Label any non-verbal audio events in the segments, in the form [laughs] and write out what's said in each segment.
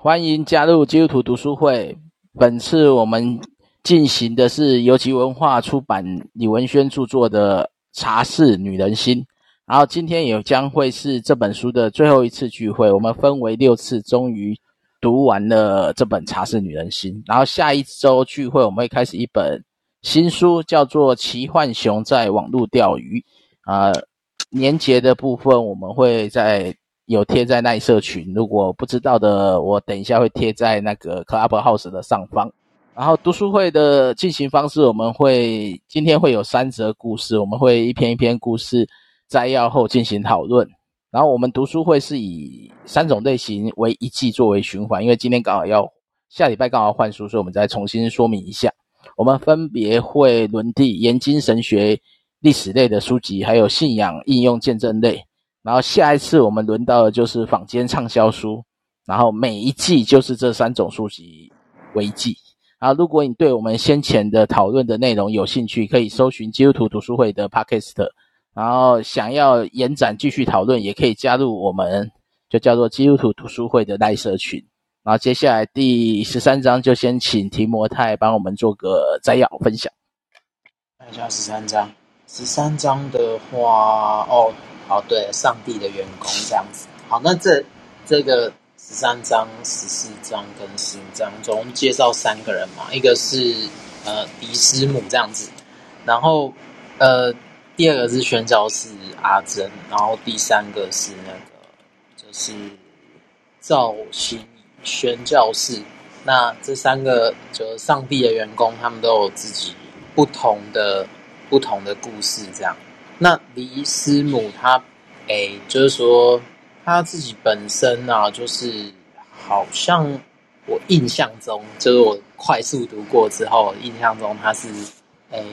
歡迎加入基督徒讀書會。本次我們進行的是游擊文化出版李玟萱著作的《茶室女人心》，然後今天也將會是這本書的最後一次聚會。我們分為六次，終於讀完了這本《茶室女人心》。然後下一周聚會，我們會開始一本新書，叫做《奇幻熊在網路釣魚》。呃，年節的部分，我們會在。有貼在那一社群，如果不知道的，我等一下會貼在那個 Clubhouse 的上方。然後讀書會的進行方式，我們會今天會有三則故事，我們會一篇一篇故事摘要後進行討論。然後我們讀書會是以三種類型為一季作為循環，因為今天剛好要，下禮拜剛好要換書，所以我們再重新說明一下，我們分別會輪替研經神學、歷史類的書籍，還有信仰應用見證類。然後下一次我們輪到的就是坊間暢銷書，然後每一季就是這三種書籍為季。然後如果你對我們先前的討論的內容有興趣，可以搜尋基督徒讀書會的 Podcast。然後想要延展繼續討論，也可以加入我們，就叫做基督徒讀書會的 LINE 社群。然後接下來第十三章就先請提摩太幫我們做個摘要分享。看一下十三章，十三章的話，哦。哦，對，上帝的員工這樣子。好，那這這個十三章、十四章跟十五章，總共介紹三個人嘛，一個是呃迪斯姆這樣子，然後呃第二個是宣教士阿珍，然後第三個是那個就是造型宣教士。那這三個就是上帝的員工，他們都有自己不同的不同的故事這樣。那黎師母他，誒、欸，就是說他自己本身啊，就是好像我印象中，就是我快速讀過之後，印象中他是，誒、欸，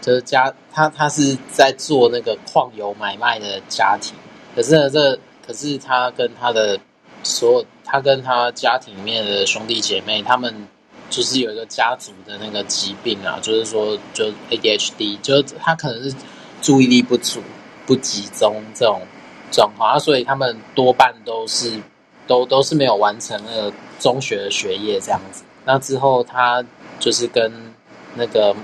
就是家他他是在做那個礦油買賣的家庭，可是呢這可是他跟他的所有他跟他家庭裡面的兄弟姐妹，他們就是有一個家族的那個疾病啊，就是說就 ADHD，就他可能是。注意力不足、不集中這種狀況啊，所以他們多半都是都都是沒有完成那個中學的學業這樣子。那之後，他就是跟那個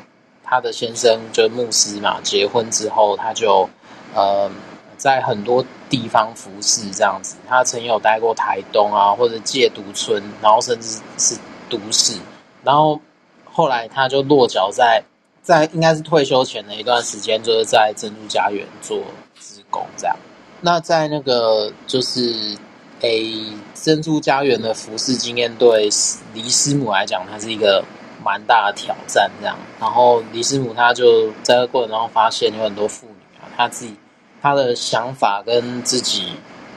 他的先生，就是牧師嘛，結婚之後，他就呃在很多地方服侍這樣子。他曾有待過台東啊，或者戒毒村，然後甚至是都市。然後後來，他就落腳在，在應該是退休前的一段時間，就是在珍珠家園做志工這樣。那在那個就是誒、欸、珍珠家園的服侍經驗，對李師母來講，它是一個蠻大的挑戰。這樣，然後李師母她就在這過程中發現，有很多婦女啊，她自己她的想法跟自己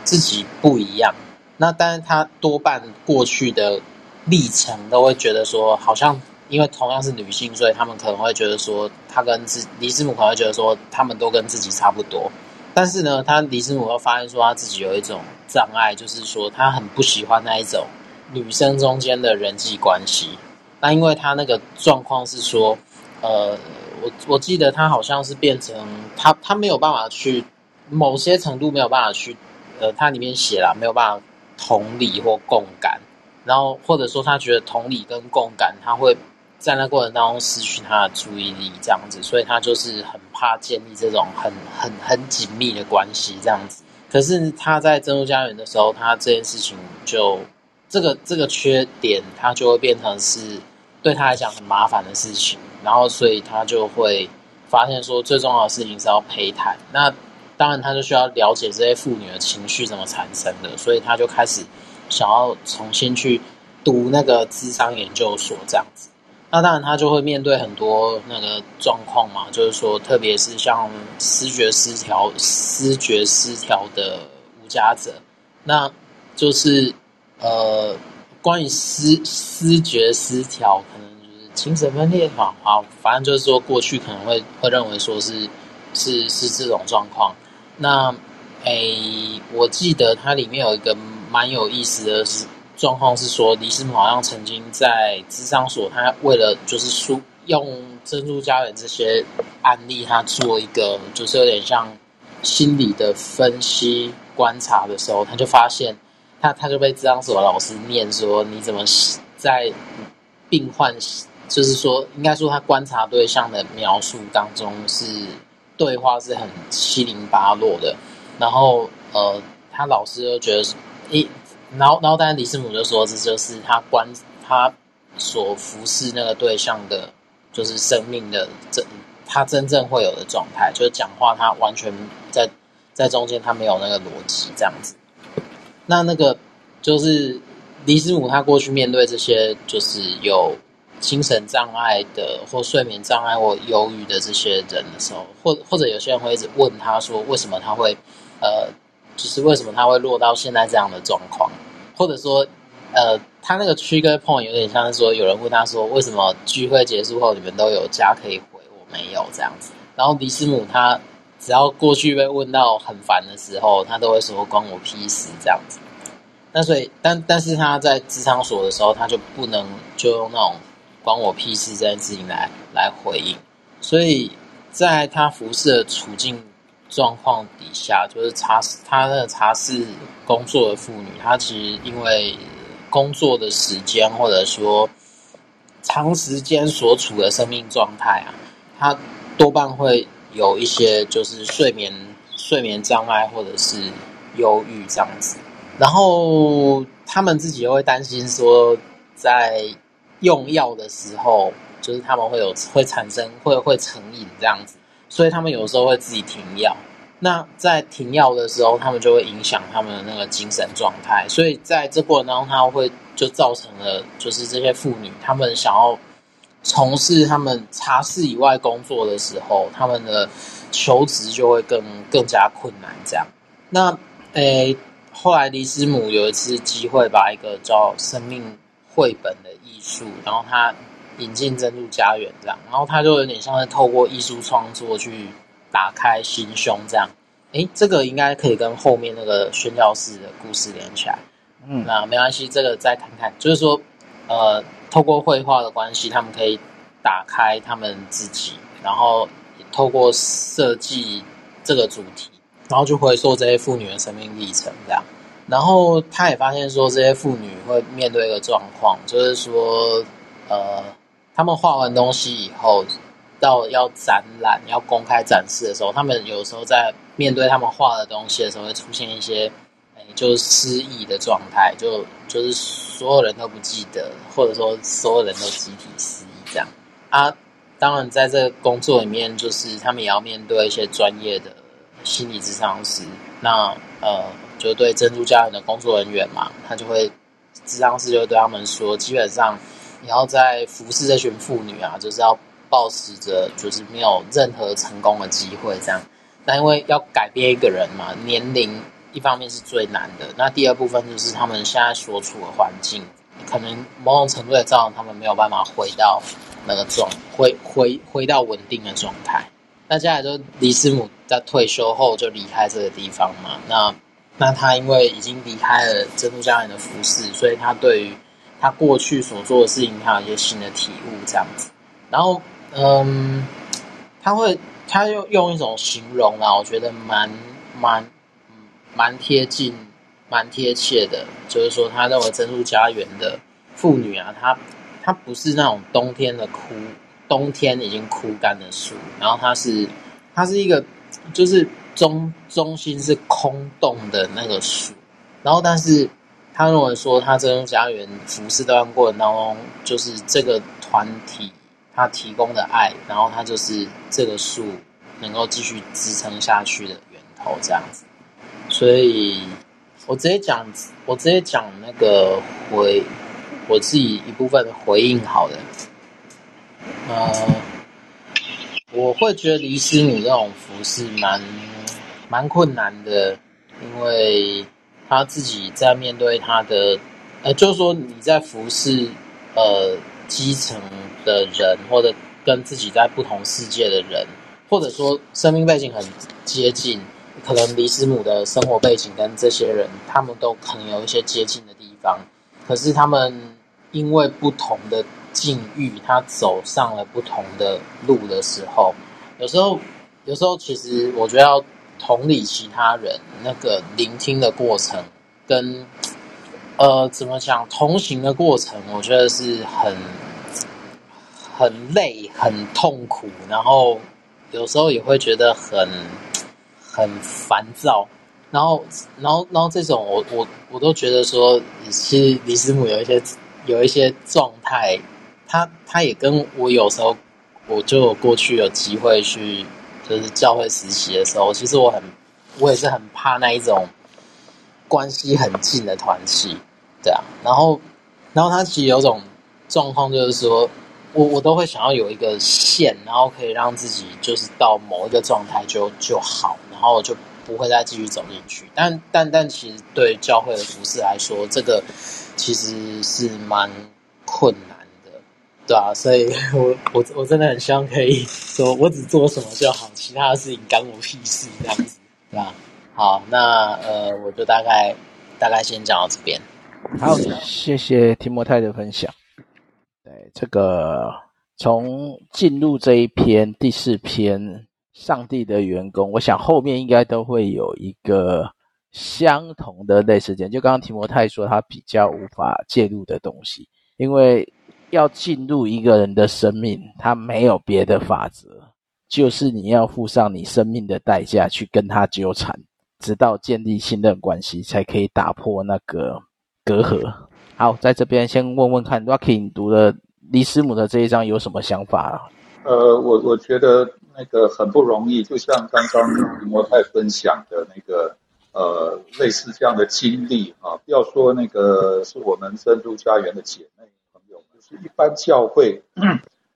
自己不一樣。那但是她多半過去的歷程都會覺得說，好像。因為同樣是女性，所以她們可能會覺得說他，她跟自李斯姆可能會覺得說，他們都跟自己差不多。但是呢，他李斯姆又發現說，他自己有一種障礙，就是說他很不喜歡那一種女生中間的人際關係。那因為他那個狀況是說，呃，我我記得他好像是變成他他沒有辦法去某些程度沒有辦法去，呃，他裡面寫了沒有辦法同理或共感，然後或者說他覺得同理跟共感他會。在那個過程當中失去他的注意力，這樣子，所以他就是很怕建立這種很很很緊密的關係，這樣子。可是他在珍珠家園的時候，他這件事情就這個這個缺點，他就會變成是對他來講很麻煩的事情。然後，所以他就會發現說，最重要的事情是要陪伴。那當然，他就需要了解這些婦女的情緒怎麼產生的，所以他就開始想要重新去讀那個諮商研究所，這樣子。那當然，他就會面對很多那個狀況嘛，就是說，特別是像思覺失調、思覺失調的無家者，那就是呃，關於思思覺失調，可能就是精神分裂嘛，啊，反正就是說過去可能會會認為說是是是這種狀況。那誒、欸、我記得它裡面有一個蠻有意思的是。狀況是說，李世蒙好像曾經在諮商所，他為了就是用珍珠家園這些案例，他做一個就是有點像心理的分析觀察的時候，他就發現他他就被諮商所老師念說，你怎麼在病患就是說應該說他觀察對象的描述當中是對話是很七零八落的，然後呃，他老師就覺得一、欸。然後，然後，當然李師母就說：“這就是他觀他所服侍那個對象的，就是生命的真，他真正會有的狀態。就是講話，他完全在在中間，他沒有那個邏輯，這樣子。那那個就是李師母，他過去面對這些，就是有精神障礙的，或睡眠障礙或憂鬱的這些人的時候，或者或者有些人會一直問他說：為什麼他會呃？”就是為什麼他會落到現在這樣的狀況，或者說，呃，他那個 trigger point 有點像是說，有人問他說，為什麼聚會結束後你們都有家可以回，我沒有這樣子。然後迪斯姆他只要過去被問到很煩的時候，他都會說，關我屁事這樣子。那所以，但但是他在職場所的時候，他就不能就用那種關我屁事這件事情來來回應。所以在他服侍的處境，狀況底下，就是茶，她的茶室工作的婦女，她其實因為工作的時間，或者說長時間所處的生命狀態啊，她多半會有一些就是睡眠睡眠障礙，或者是憂鬱這樣子。然後他們自己又會擔心說，在用藥的時候，就是他們會有會產生會會成癮這樣子。所以他們有時候會自己停藥，那在停藥的時候，他們就會影響他們的那個精神狀態。所以在這過程當中，他會就造成了，就是這些婦女他們想要從事他們茶室以外工作的時候，他們的求職就會更更加困難。這樣，那誒，後來黎師母有一次機會把一個叫生命繪本的藝術，然後他。引進珍珠家園這樣，然後他就有點像是透過藝術創作去打開心胸這樣。哎，這個應該可以跟後面那個宣教士的故事連起來。嗯，那沒關係，這個再看看。就是說，呃，透過繪畫的關係，他們可以打開他們自己，然後透過設計這個主題，然後就會說這些婦女的生命歷程這樣。然後他也發現說，這些婦女會面對一個狀況，就是說，呃。他們畫完東西以後，到要展覽、要公開展示的時候，他們有時候在面對他們畫的東西的時候，會出現一些，欸，就就失憶的狀態，就是、就，就是所有人都不記得，或者說所有人都集體失憶這樣。啊，當然，在這個工作裡面，就是他們也要面對一些專業的心理諮商師。那呃，就對珍珠家園的工作人員嘛，他就會諮商師就會對他們說，基本上。然後在服侍這群婦女啊，就是要抱持着，就是沒有任何成功的機會這樣。但因為要改變一個人嘛，年齡一方面是最難的。那第二部分就是他們現在所處的環境，可能某種程度也造成他們沒有辦法回到那個狀，回回回到穩定的狀態。那接下來就李師母在退休後就離開這個地方嘛。那那他因為已經離開了珍珠家園的服侍，所以他對於。他過去所做的事情，他有一些新的體悟這樣子。然後，嗯，他會，他用用一種形容啊，我覺得蠻蠻蠻貼近、蠻貼切的，就是說，他認為珍珠家園的婦女啊，她她不是那種冬天的枯，冬天已經枯乾的樹，然後她是她是一個，就是中中心是空洞的那個樹，然後但是。他認為說他這種家園服侍的過程當中，就是這個團體他提供的愛，然後他就是這個樹能夠繼續支撐下去的源頭，這樣子。所以我直接講，我直接講那個回我自己一部分回應好的，呃，我會覺得離詩母這種服侍蠻蠻困難的，因為。他自己在面對他的，呃、欸，就是說你在服侍呃基層的人，或者跟自己在不同世界的人，或者說生命背景很接近，可能李師母的生活背景跟這些人，他們都可能有一些接近的地方。可是他們因為不同的境遇，他走上了不同的路的時候，有時候，有時候其實我覺得要。同理其他人那個聆聽的過程跟，跟呃怎麼講同行的過程，我覺得是很很累，很痛苦，然後有時候也會覺得很很煩躁，然後然後然後這種我我我都覺得說，其實李師母有一些有一些狀態，他他也跟我有時候，我就過去有機會去。就是教會實習的時候，其實我很，我也是很怕那一種關係很近的團體，對啊。然後，然後他其實有種狀況，就是說我我都會想要有一個線，然後可以讓自己就是到某一個狀態就就好，然後我就不會再繼續走進去。但但但，但其實對教會的服侍來說，這個其實是蠻困難的。對啊，所以我我我真的很希望可以說我只做什麼就好，其他的事情干我屁事這樣子，對吧？好，那呃，我就大概大概先講到這邊。好，謝謝提摩太的分享。對，這個從進入這一篇第四篇上帝的員工，我想後面應該都會有一個相同的類似點，就剛剛提摩太說他比較無法介入的東西，因為。要進入一個人的生命，他沒有別的法則，就是你要付上你生命的代價去跟他糾纏，直到建立信任關係，才可以打破那個隔閡。好，在這邊先問問看 [noise] Rocky，你讀了李斯姆的這一章有什麼想法啊？呃，我我覺得那個很不容易，就像剛剛莫太分享的那個，呃，類似這樣的經歷啊，不要說那個是我們深度家園的姐妹。一般教會，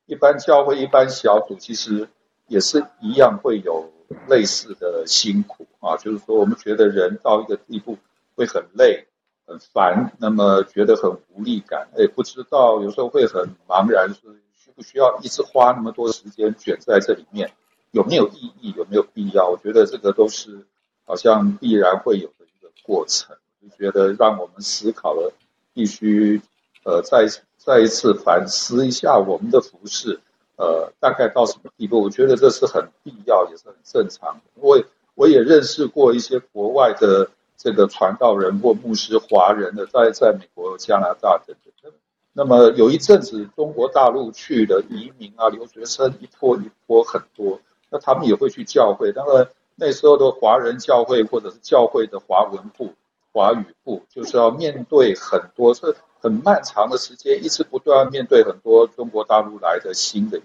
一般教會，一般小組，其實也是一樣會有類似的辛苦啊。就是說，我們覺得人到一個地步會很累，很煩，那麼覺得很無力感，誒不知道有時候會很茫然，說需不需要一直花那麼多時間捲在這裡面，有沒有意義，有沒有必要？我覺得這個都是好像必然會有的一個過程，我就覺得讓我們思考了，必須呃在。再一次反思一下我們的服事，呃，大概到什麼地步？我覺得這是很必要，也是很正常的。我我也認識過一些國外的這個傳道人或牧師，華人的在在美國、加拿大等等。那麼有一陣子，中國大陸去的移民啊、留學生一波一波很多，那他們也會去教會。當然那時候的華人教會或者是教會的華文部、華語部，就是要面對很多的。很漫長的時間，一直不斷面對很多中國大陸來的新的，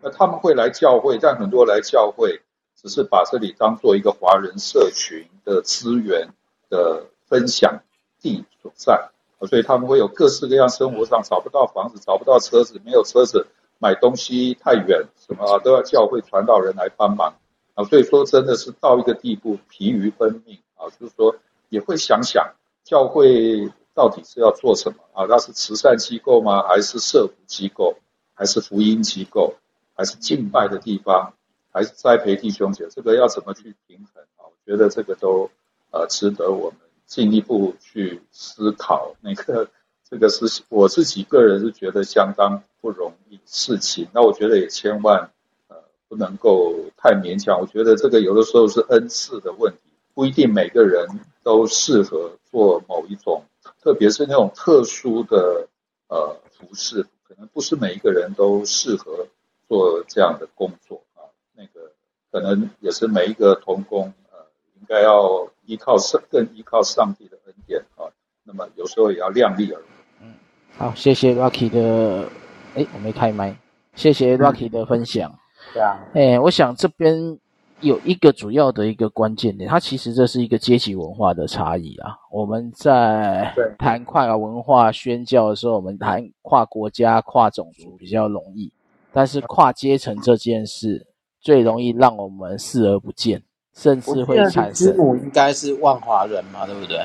那他們會來教會，但很多來教會只是把這裡當做一個華人社群的資源的分享地所在，所以他們會有各式各樣生活上找不到房子、找不到車子、沒有車子買東西太遠什麼、啊、都要教會傳道人來幫忙啊，所以說真的是到一個地步疲於奔命啊，就是說也會想想教會。到底是要做什麼啊？那是慈善機構嗎？還是社福機構？還是福音機構？還是敬拜的地方？還是栽培弟兄姐？這個要怎麼去平衡啊？我覺得這個都呃值得我們進一步去思考。那個，這個是我自己個人是覺得相當不容易事情。那我覺得也千萬呃不能夠太勉強。我覺得這個有的時候是恩賜的問題，不一定每個人都適合做某一種。特別是那種特殊的呃服飾，可能不是每一個人都適合做這樣的工作啊。那個可能也是每一個同工呃，應該要依靠上更依靠上帝的恩典啊。那麼有時候也要量力而為嗯。好，謝謝 Rocky 的誒、欸，我沒開麥，謝謝 Rocky 的分享。嗯、對啊，誒、欸，我想這邊。有一個主要的一個關鍵點，它其實這是一個階級文化的差異啊。我們在談跨文化宣教的時候，我們談跨國家、跨種族比較容易，但是跨階層這件事最容易讓我們視而不見，甚至會產生。師母應該是萬華人嘛，對不對？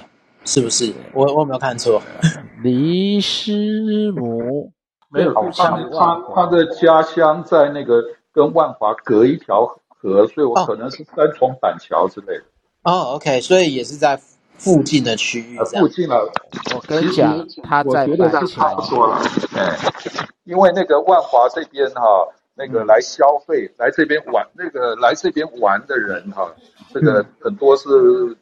是不是？我我沒有看錯？ [laughs] 黎師母沒有就好他，他他的家鄉在那個跟萬華隔一條。所以我可能是三重板橋之類的。哦、oh,，OK，所以也是在附近的區域，啊，附近了，啊、我跟你講，其實，他在我覺得是差不多了。嗯、因為那個萬華這邊哈、啊，那個來消費、來這邊玩、那個來這邊玩的人哈、啊、嗯、這個很多是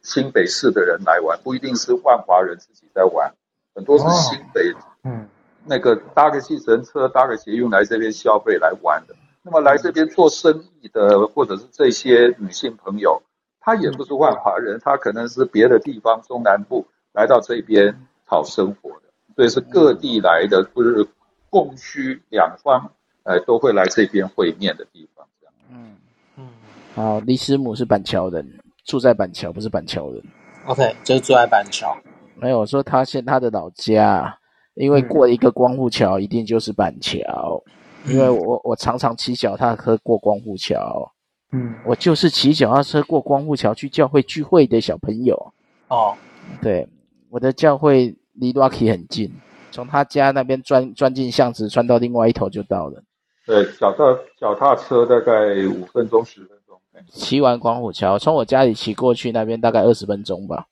新北市的人來玩，不一定是萬華人自己在玩，很多是新北，嗯，那個搭個計程車、搭個捷運來這邊消費、來玩的。那麼來這邊做生意的，或者是這些女性朋友，她也不是萬華人，她可能是別的地方中南部，來到這邊討生活的，所以是各地來的，就是供需兩方，呃，都會來這邊會面的地方這樣。嗯嗯。好，李師母是板橋人，住在板橋，不是板橋人。OK，就住在板橋。沒有，我說她現在他的老家，因為過一個光復橋，一定就是板橋。嗯因為我、嗯、我，我常常騎腳踏車過光復橋，嗯，我就是騎腳踏車過光復橋去教會聚會的小朋友。哦，對，我的教會離 Lucky 很近，從他家那邊鑽鑽進巷子，鑽到另外一頭就到了。對，腳踏腳踏車大概五分鐘十分鐘。沒錯，騎完光復橋，從我家裡騎過去那邊大概二十分鐘吧，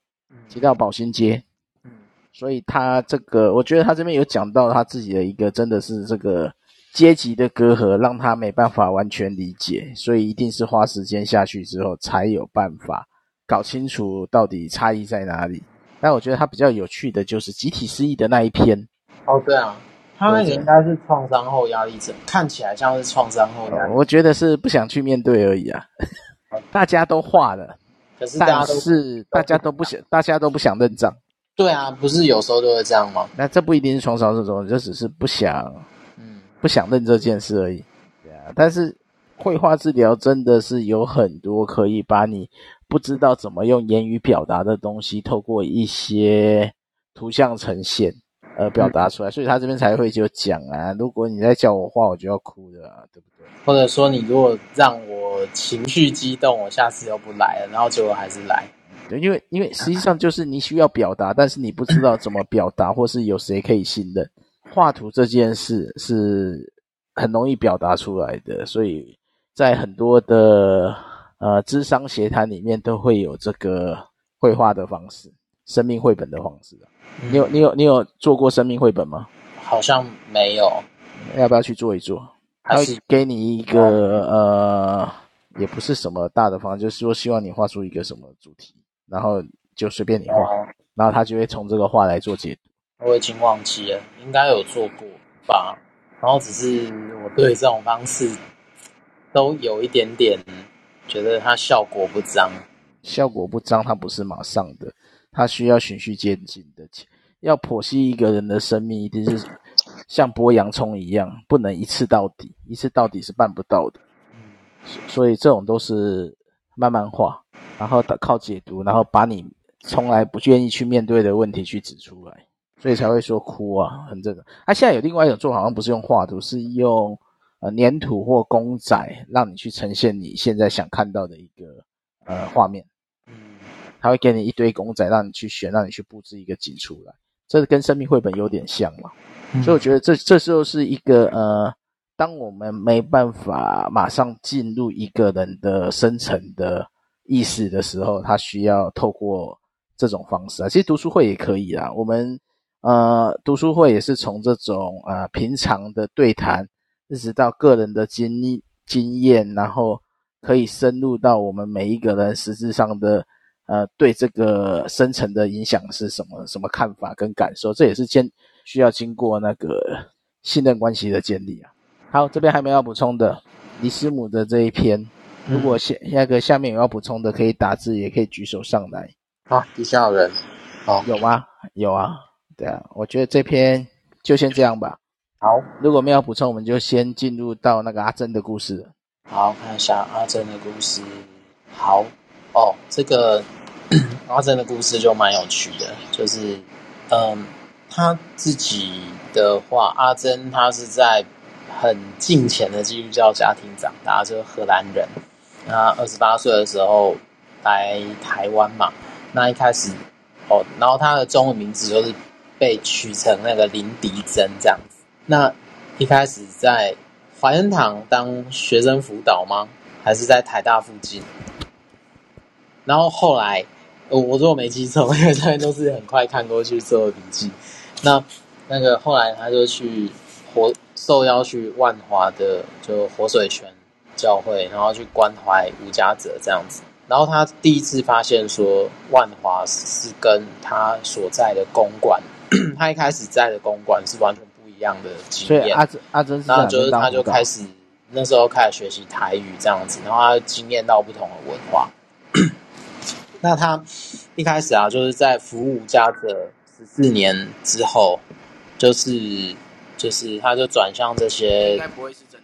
騎到寶興街。嗯，所以他這個，我覺得他這邊有講到他自己的一個，真的是這個。階級的隔閡讓他沒辦法完全理解，所以一定是花時間下去之後才有辦法搞清楚到底差異在哪裡。但我覺得他比較有趣的就是集體失憶的那一篇。哦，對啊，他那個應該是創傷後壓力症，看起來像是創傷後壓力。哦，我覺得是不想去面對而已啊。大家都化了，可是大家都是大家都，大家都不想，大家都不想認賬。對啊，不是有時候都會這樣嗎？那這不一定是創傷後壓力症，就只是不想。不想認這件事而已，對啊。但是繪畫治療真的是有很多可以把你不知道怎麼用言語表達的東西，透過一些圖像呈現而表達出來。所以他這邊才會就講啊，如果你再叫我畫，我就要哭的，啊，對不對？或者說你如果讓我情緒激動，我下次又不來了。然後最後還是來，對，因為因為實際上就是你需要表達，啊、但是你不知道怎麼表達，或是有誰可以信任。畫圖這件事是很容易表達出來的，所以在很多的呃諮商協談裡面都會有這個繪畫的方式，生命繪本的方式。你有你有你有做過生命繪本嗎？好像沒有，要不要去做一做？還有給你一個呃，也不是什麼大的方式，就是說希望你畫出一個什麼主題，然後就隨便你畫，嗯、然後他就會從這個畫來做解讀。我已經忘記了，應該有做過吧。然後只是我對這種方式都有一點點覺得它效果不彰，效果不彰，它不是馬上的，它需要循序漸進的。要剖析一個人的生命，一定是像剝洋蔥一樣，不能一次到底，一次到底是辦不到的。嗯，所以這種都是慢慢化，然後靠解讀，然後把你從來不願意去面對的問題去指出來。所以才會說哭啊，很這個。啊，現在有另外一種做法，好像不是用畫圖，是用呃粘土或公仔，讓你去呈現你現在想看到的一個呃畫面。嗯，他會給你一堆公仔，讓你去選，讓你去布置一個景出來。這跟生命繪本有點像嘛。嗯、所以我覺得這這時候是一個呃，當我們沒辦法馬上進入一個人的深層的意識的時候，他需要透過這種方式啊。其實讀書會也可以啊，我們。呃，讀書會也是從這種呃平常的對談，一直到個人的經經驗，然後可以深入到我們每一個人實質上的呃對這個深層的影響是什麼，什麼看法跟感受，這也是先需要經過那個信任關係的建立啊。好，這邊還沒有要補充的，李斯姆的這一篇，如果下那個下面有要補充的，可以打字，也可以舉手上來。好，啊，底下有人，好，哦，有嗎？有啊。對啊，我覺得這篇就先這樣吧。好，如果沒有補充，我們就先進入到那個阿珍的，的故事。好，看一下阿珍的故事。好哦，這個 [coughs] 阿珍的故事就蠻有趣的，就是嗯，他自己的話，阿珍他是在很近前的基督教家庭長大，就是荷蘭人。他二十八歲的時候來台灣嘛，那一開始哦，然後他的中文名字就是。被取成那個林迪珍這樣子。那一開始在懷恩堂當學生輔導嗎？還是在台大附近？然後後來、哦、我說我沒記錯，因為這邊都是很快看過去做的筆記。那那個後來他就去活受邀去萬華的就活水泉教會，然後去關懷吳家澤這樣子。然後他第一次發現說，萬華是跟他所在的公館。 [coughs] 他一開始在的公館是完全不一樣的經驗，阿、啊啊、就是、啊、是他就開始那時候開始學習台語這樣子，然後他就經驗到不同的文化。 [coughs] 那他一開始啊，就是在服務家的十四年之後，就是就是他就轉向這些，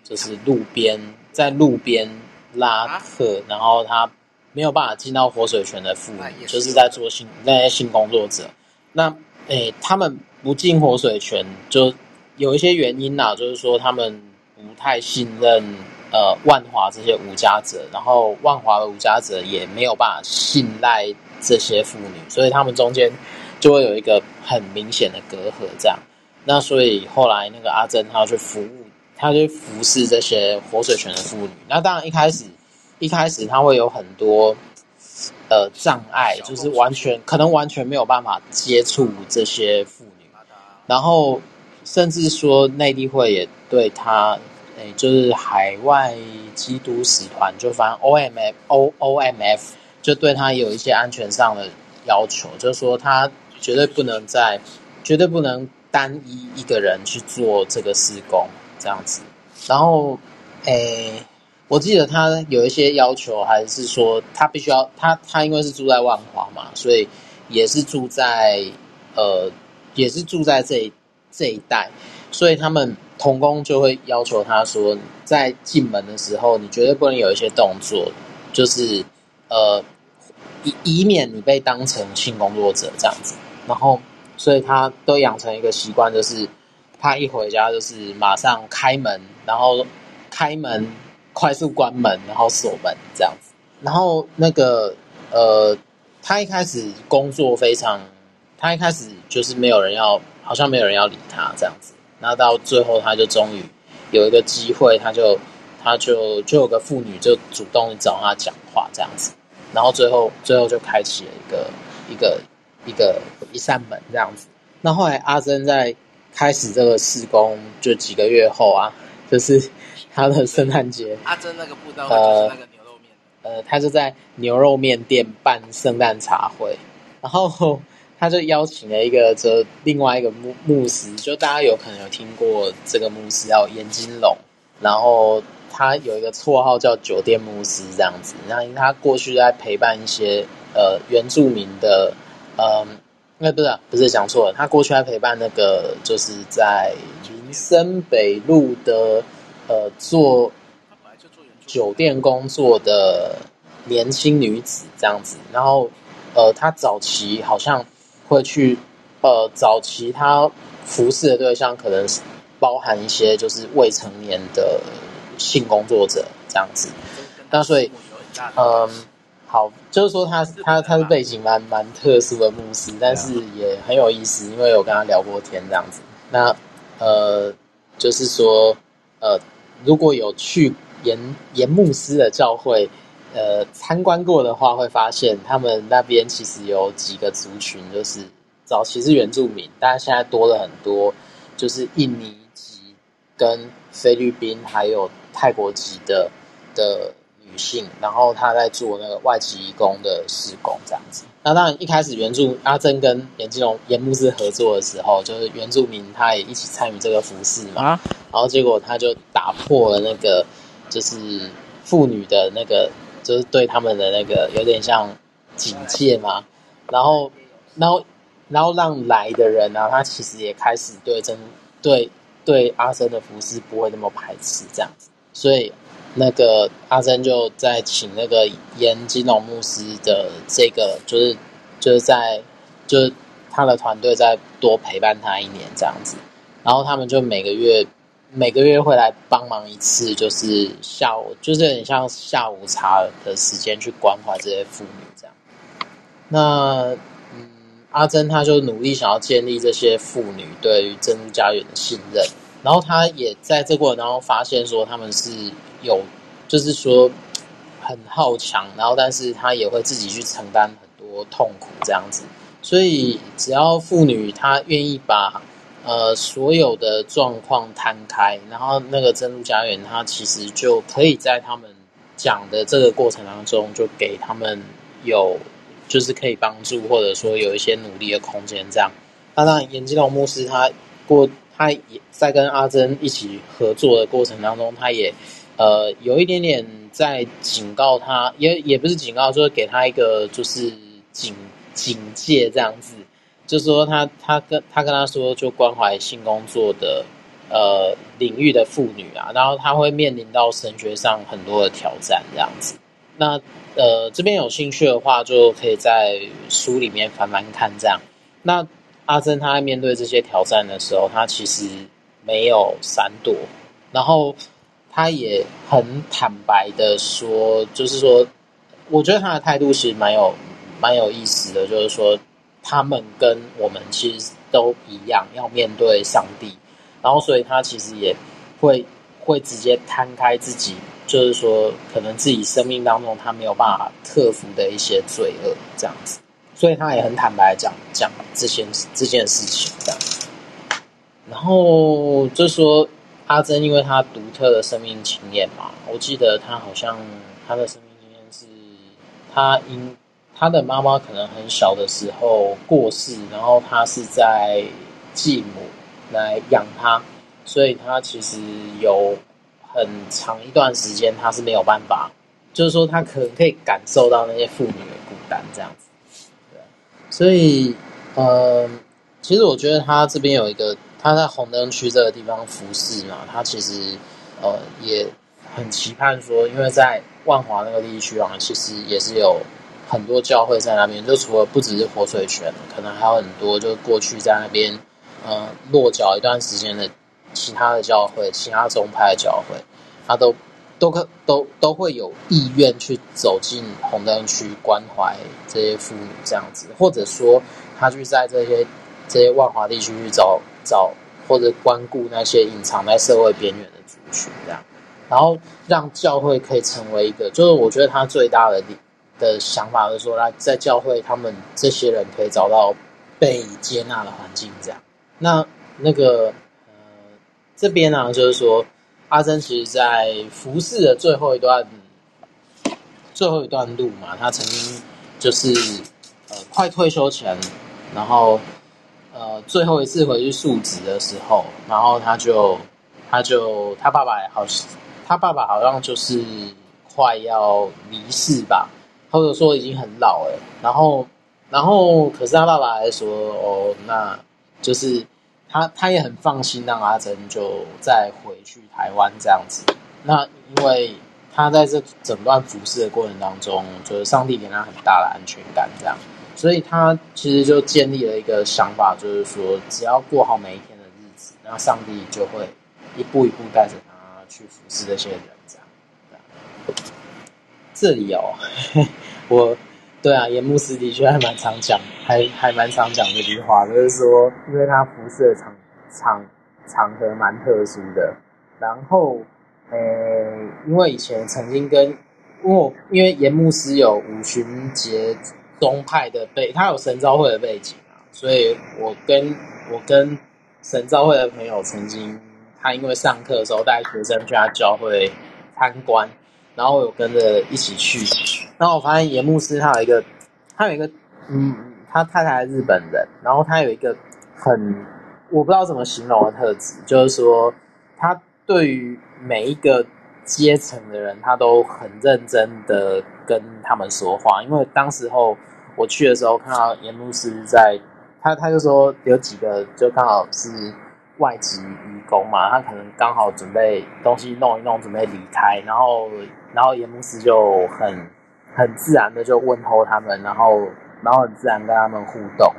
就是路邊在路邊拉客，啊、然後他沒有辦法進到活水泉的婦女，就是在做性那些性工作者，那。誒、欸，他們不進活水泉，就有一些原因吶、啊，就是說他們不太信任呃萬華這些無家者，然後萬華的無家者也沒有辦法信賴這些婦女，所以他們中間就會有一個很明顯的隔閡。這樣，那所以後來那個阿珍她要去服務，她就服侍這些活水泉的婦女。那當然一開始一開始她會有很多。呃，障礙就是完全可能完全沒有辦法接觸這些婦女，然後甚至說，內地會也對他，哎，就是海外基督使團，就反正 O M F O O M F 就對他有一些安全上的要求，就是說他絕對不能再，絕對不能單一一個人去做這個事工這樣子，然後，哎。我記得他有一些要求，還是說他必須要他他因為是住在萬華嘛，所以也是住在呃也是住在這一這一帶，所以他們同工就會要求他說，在進門的時候你絕對不能有一些動作，就是呃以以免你被當成性工作者這樣子。然後，所以他都養成一個習慣，就是他一回家就是馬上開門，然後開門。嗯快速關門，然後鎖門這樣子。然後那個呃，他一開始工作非常，他一開始就是沒有人要，好像沒有人要理他這樣子。那到最後，他就終於有一個機會，他就他就就有個婦女就主動找他講話這樣子。然後最後最後就開啟了一個一個一個一扇門這樣子。那後來阿珍在開始這個事工就幾個月後啊，就是。他的聖誕節，阿珍那個布袋呃那個牛肉麵，呃，呃，他是在牛肉麵店辦聖誕茶會，然後他就邀請了一個這另外一個牧牧師，就大家有可能有聽過這個牧師叫嚴金龍，然後他有一個綽號叫酒店牧師這樣子，那因為他過去在陪伴一些呃原住民的，呃，那不是不是講錯了，他過去在陪伴那個就是在林森北路的。呃，做酒店工作的年輕女子這樣子，然後，呃，他早期好像會去，呃，早期他服侍的對象可能包含一些就是未成年的性工作者這樣子。那所以，嗯，呃，好，就是說他他他是背景蠻蠻特殊的牧師，但是也很有意思，因為我跟他聊過天這樣子。那呃，就是說，呃。如果有去顏顏牧師的教會，呃，參觀過的話，會發現他們那邊其實有幾個族群，就是早期是原住民，但現在多了很多，就是印尼籍、跟菲律賓還有泰國籍的的女性，然後她在做那個外籍移工的事工，這樣子。那當然，一開始原住阿珍跟顏金龍、顏牧師合作的時候，就是原住民，他也一起參與這個服飾嘛。啊，然後結果他就打破了那個，就是婦女的那個，就是對他們的那個有點像警戒嘛。然後，然後，然後讓來的人、啊，呢，他其實也開始對真對對阿珍的服飾不會那麼排斥這樣子，所以。那個阿珍就在請那個嚴金龍牧師的這個就是就是在就是他的團隊再多陪伴他一年這樣子，然後他們就每個月每個月會來幫忙一次，就是下午就是很像下午茶的時間去關懷這些婦女這樣。那嗯，阿珍她就努力想要建立這些婦女對於珍珠家園的信任，然後她也在這過程當中發現說他們是。有，就是說很好強，然後但是他也會自己去承擔很多痛苦這樣子。所以只要婦女她願意把呃所有的狀況攤開，然後那個珍珠家園他其實就可以在他們講的這個過程當中，就給他們有就是可以幫助，或者說有一些努力的空間。這樣，當然顏金老牧師他過，他也在跟阿珍一起合作的過程當中，他也。呃，有一點點在警告他，也也不是警告，說給他一個就是警警戒這樣子，就是說他他跟他跟他說，就關懷性工作的呃領域的婦女啊，然後他會面臨到神學上很多的挑戰這樣子。那呃，這邊有興趣的話，就可以在書裡面翻翻看這樣。那阿珍她在面對這些挑戰的時候，她其實沒有閃躲，然後。他也很坦白的說，就是說，我覺得他的態度其實蠻有蠻有意思的，就是說，他們跟我們其實都一樣，要面對上帝，然後所以他其實也會會直接攤開自己，就是說，可能自己生命當中他沒有辦法克服的一些罪惡這樣子，所以他也很坦白講講這些這件事情這樣子，然後就說。阿珍因為她獨特的生命經驗嘛，我記得她好像她的生命經驗是她因她的媽媽可能很小的時候過世，然後她是在繼母來養她，所以她其實有很長一段時間她是沒有辦法，就是說她可能可以感受到那些婦女的孤單，這樣子，對，所以，嗯，其實我覺得她這邊有一個。他在紅燈區這個地方服侍嘛，他其實呃也很期盼說，因為在萬華那個地區啊，其實也是有很多教會在那邊，就除了不只是活水泉，可能還有很多就過去在那邊呃落腳一段時間的其他的教會，其他宗派的教會，他都都可都都會有意願去走進紅燈區關懷這些婦女這樣子，或者說他就在這些這些萬華地區去找。找或者關顧那些隱藏在社會邊緣的族群，這樣，然後讓教會可以成為一個，就是我覺得他最大的的想法，是說，在教會他們這些人可以找到被接納的環境，這樣。那那個呃，這邊呢，就是說，阿珍其實，在服事的最後一段，最後一段路嘛，他曾經就是、呃、快退休前，然後。呃，最後一次回去述職的時候，然後他就，他就他爸爸好像，他爸爸好像就是快要離世吧，或者說已經很老了。然後，然後可是他爸爸還說，哦，那就是他，他也很放心，讓阿珍就再回去台灣這樣子。那因為他在這整段服侍的過程當中，就是上帝給他很大的安全感這樣。所以他其實就建立了一個想法，就是說，只要過好每一天的日子，那上帝就會一步一步帶着他去服侍這些人，這樣。這裡有，我對啊，嚴牧師的確還蠻常講，還還蠻常講這句話，就是說，因為他服侍的場場場合蠻特殊的，然後呃、欸，因為以前曾經跟，哦、因為我因為嚴牧師有五旬節。宗派的背，他有神召會的背景啊，所以我跟我跟神召會的朋友曾經，他因為上課的時候帶學生去他教會參觀，然後我有跟着一起去，然後我發現嚴牧師他有一個，他有一個，嗯，嗯，他太太是日本人，然後他有一個很，我不知道怎麼形容的特質，就是說他對於每一個階層的人，他都很認真的跟他們說話，因為當時候我去的時候，看到嚴牧師在，他他就說有幾個就剛好是外籍員工嘛，他可能剛好準備東西弄一弄，準備離開，然後然後嚴牧師就很很自然的就問候他們，然後然後很自然跟他們互動，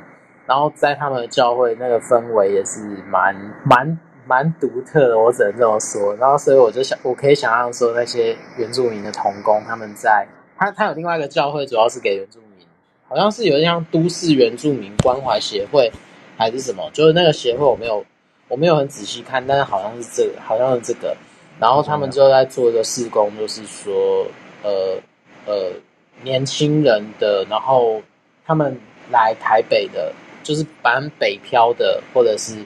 然後在他們的教會那個氛圍也是蠻蠻。蠻獨特的，我只能這麼說。然後，所以我就想，我可以想象說，那些原住民的同工，他們在他他有另外一個教會，主要是給原住民，好像是有點像都市原住民關懷協會還是什麼，就是那個協會我沒有我沒有很仔細看，但是好像是這個，好像是這個。然後他們就在做一個事工，就是說，呃呃，年輕人的，然後他們來台北的，就是搬北漂的，或者是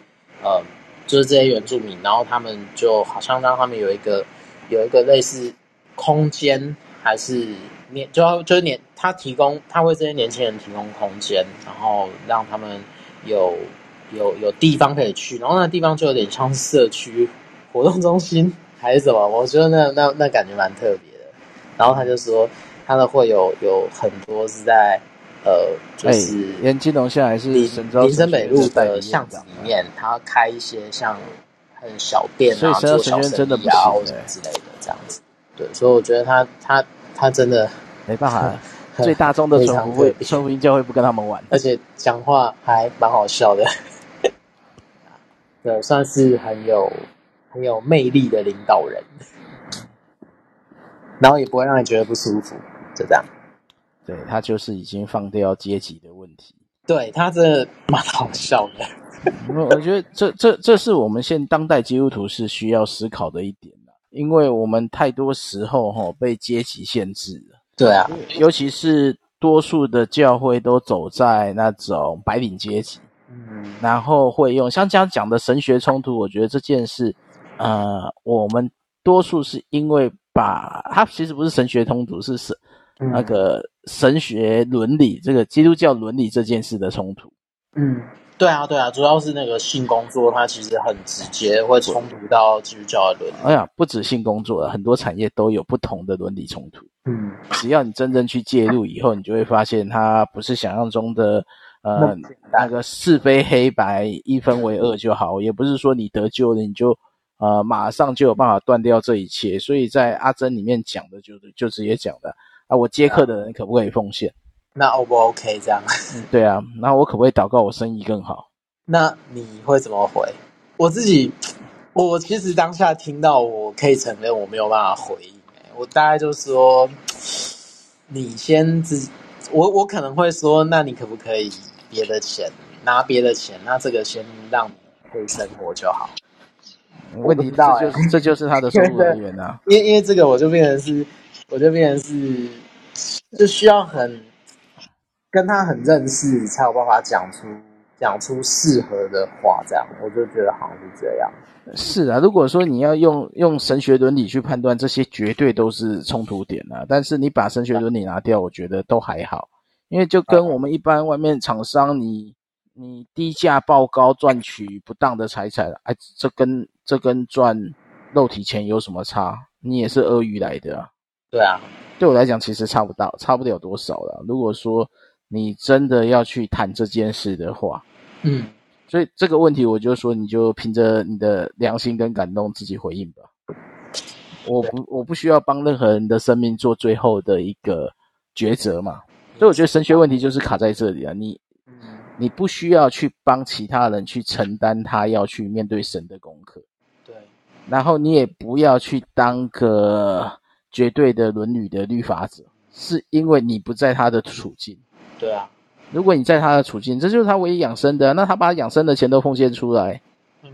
呃。就是這些原住民，然後他們就好像讓他們有一個有一個類似空間，還是年，就就年，他提供他為這些年輕人提供空間，然後讓他們有有有地方可以去，然後那個地方就有點像是社區活動中心還是什麼，我覺得那那那感覺蠻特別的。然後他就說他的會有有很多是在，呃，就是延金龍線還是林林森北路的巷子裡面，他開一些像很小店做小生意啊，所以神二生真的不要之類的這樣子。對，所以我覺得他他他，他真的沒辦法，最大眾的時候，說不定就會不跟他們玩，而且講話還蠻好笑的，對，算是很有很有魅力的領導人，然後也不會讓你覺得不舒服，就這樣。對他就是已經放掉階級的問題，對他這蠻好笑的。 [laughs] 我覺得這這這是我們現當代基督徒是需要思考的一點，啊、因為我們太多時候哈、哦、被階級限制了。對啊，對尤其是多數的教會都走在那種白領階級，嗯哼，然後會用像這樣講的神學衝突，我覺得這件事，呃，我們多數是因為把它其實不是神學衝突，是神、嗯、哼那個。神學倫理，這個基督教倫理這件事的衝突。嗯，對啊，對啊，主要是那個性工作，它其實很直接會衝突到基督教的倫理。哎呀，不止性工作了，很多產業都有不同的倫理衝突。嗯，只要你真正去介入以後，你就會發現它不是想象中的，呃，那是，那個是非黑白一分為二就好，也不是說你得救了你就呃馬上就有辦法斷掉這一切。所以在阿珍裡面講的就，就就直接講的，啊，我接客的人可不可以奉獻？那 O 不 OK？這樣子對啊，那我可不可以禱告我生意更好？ [laughs] 那你會怎麼回？我自己，我其實當下聽到，我可以承認我沒有辦法回應、欸。我大概就說，你先自我，我可能會說，那你可不可以別的錢拿別的錢？那這個先讓你過生活就好。問題大、欸就是，這就是他的收入來源啊。 [laughs] 因為因為這個，我就變成是，我就變成是。嗯就需要很跟他很認識，才有辦法講出講出適合的話。這樣，我就覺得好像是這樣。是啊，如果說你要用用神學倫理去判斷，這些絕對都是衝突點啊。但是你把神學倫理拿掉，我覺得都還好，因為就跟我們一般外面廠商，你你低價報高賺取不當的財產，哎，啊，這跟這跟賺肉體錢有什麼差？你也是鱷魚來的啊。對啊，對我來講其實差不到，差不了多,多少了。如果說你真的要去談這件事的話，嗯，所以這個問題我就說，你就憑着你的良心跟感動自己回應吧。對我不，我不需要幫任何人的生命做最後的一個抉擇嘛。嗯、所以我覺得神學問題就是卡在這裡啊，你，嗯、你不需要去幫其他人去承擔他要去面對神的功課。對，然後你也不要去當個。絕對的倫理的律法者，是因為你不在他的處境，對啊。如果你在他的處境，這就是他唯一養生的、啊，那他把養生的錢都奉獻出來，嗯，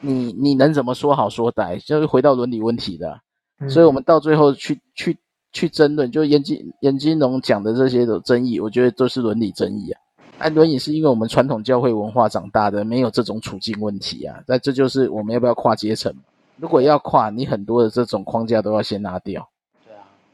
你你能怎麼說好說歹，就是回到倫理問題的、啊。嗯、所以我們到最後去去去爭論，就嚴金嚴金龍講的這些的爭議，我覺得都是倫理爭議啊。那倫理是因為我們傳統教會文化長大的，沒有這種處境問題啊。那這就是我們要不要跨階層？如果要跨，你很多的這種框架都要先拿掉。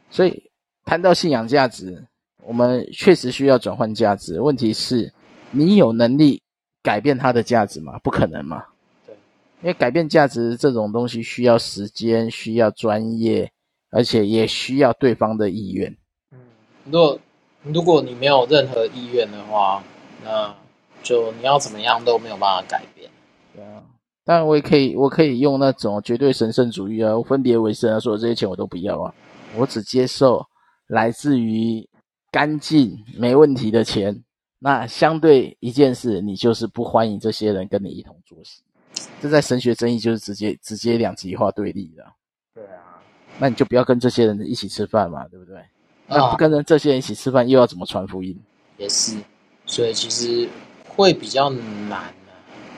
所以，談到信仰價值，我們確實需要轉換價值。問題是，你有能力改變它的價值嗎？不可能嘛。對，因為改變價值這種東西需要時間，需要專業，而且也需要對方的意願。嗯，如果如果你沒有任何意願的話，那就你要怎麼樣都沒有辦法改變。對啊。但我也可以，我可以用那種絕對神聖主義啊，分別為聖啊，所有這些錢我都不要啊，我只接受來自於乾淨沒問題的錢。那相對一件事，你就是不歡迎這些人跟你一同做事。這在神學爭議就是直接直接兩極化對立的。啊。對啊，那你就不要跟這些人一起吃飯嘛，對不對？哦。那不跟着這些人一起吃飯，又要怎麼傳福音？也是，所以其實會比較難。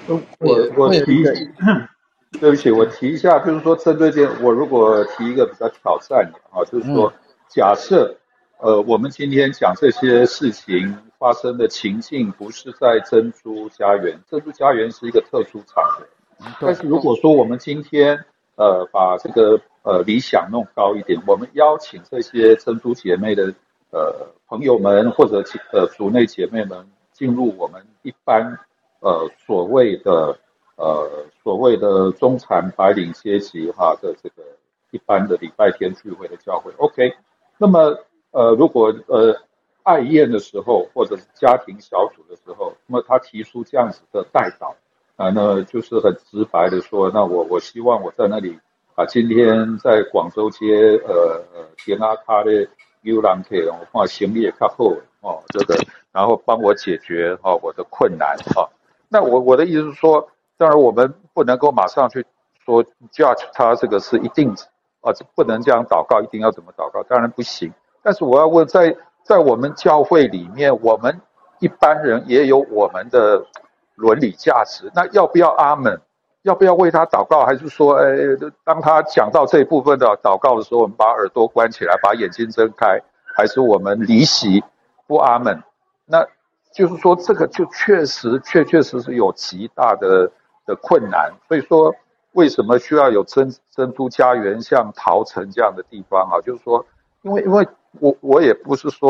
我我提，對不起，我提一下，就是說針對這，我如果提一個比較挑戰的啊，就是說，假設，呃，我們今天講這些事情發生的情境，不是在珍珠家園，珍珠家園是一個特殊場合，但是如果說我們今天，呃，把這個呃理想弄高一點，我們邀請這些珍珠姐妹的呃朋友們或者呃族內姐妹們進入我們一般。呃，所謂的呃，所謂的中產白領階級哈的這個一般的禮拜天聚會的教會，OK。那麼呃，如果呃愛宴的時候或者是家庭小組的時候，那麼他提出這樣子的代禱啊，那就是很直白的說，那我我希望我在那裡啊，今天在廣州街呃呃接納他的牛郎，客，我看生意也較好哦，這個然後幫我解決哈、啊、我的困難哈、啊。那我我的意思是說，當然我們不能夠馬上去說 judge 他這個是一定啊，這不能這樣禱告，一定要怎麼禱告，當然不行。但是我要問，在在我們教會裡面，我們一般人也有我們的倫理價值，那要不要阿門？要不要為他禱告？還是說，哎，當他講到這一部分的禱告的時候，我們把耳朵關起來，把眼睛睜開？還是我們離席不阿門？那。就是說，這個就確實確確實實有極大的的困難，所以說為什麼需要有珍珍珠家園像桃城這樣的地方啊？就是說因，因為因為我我也不是說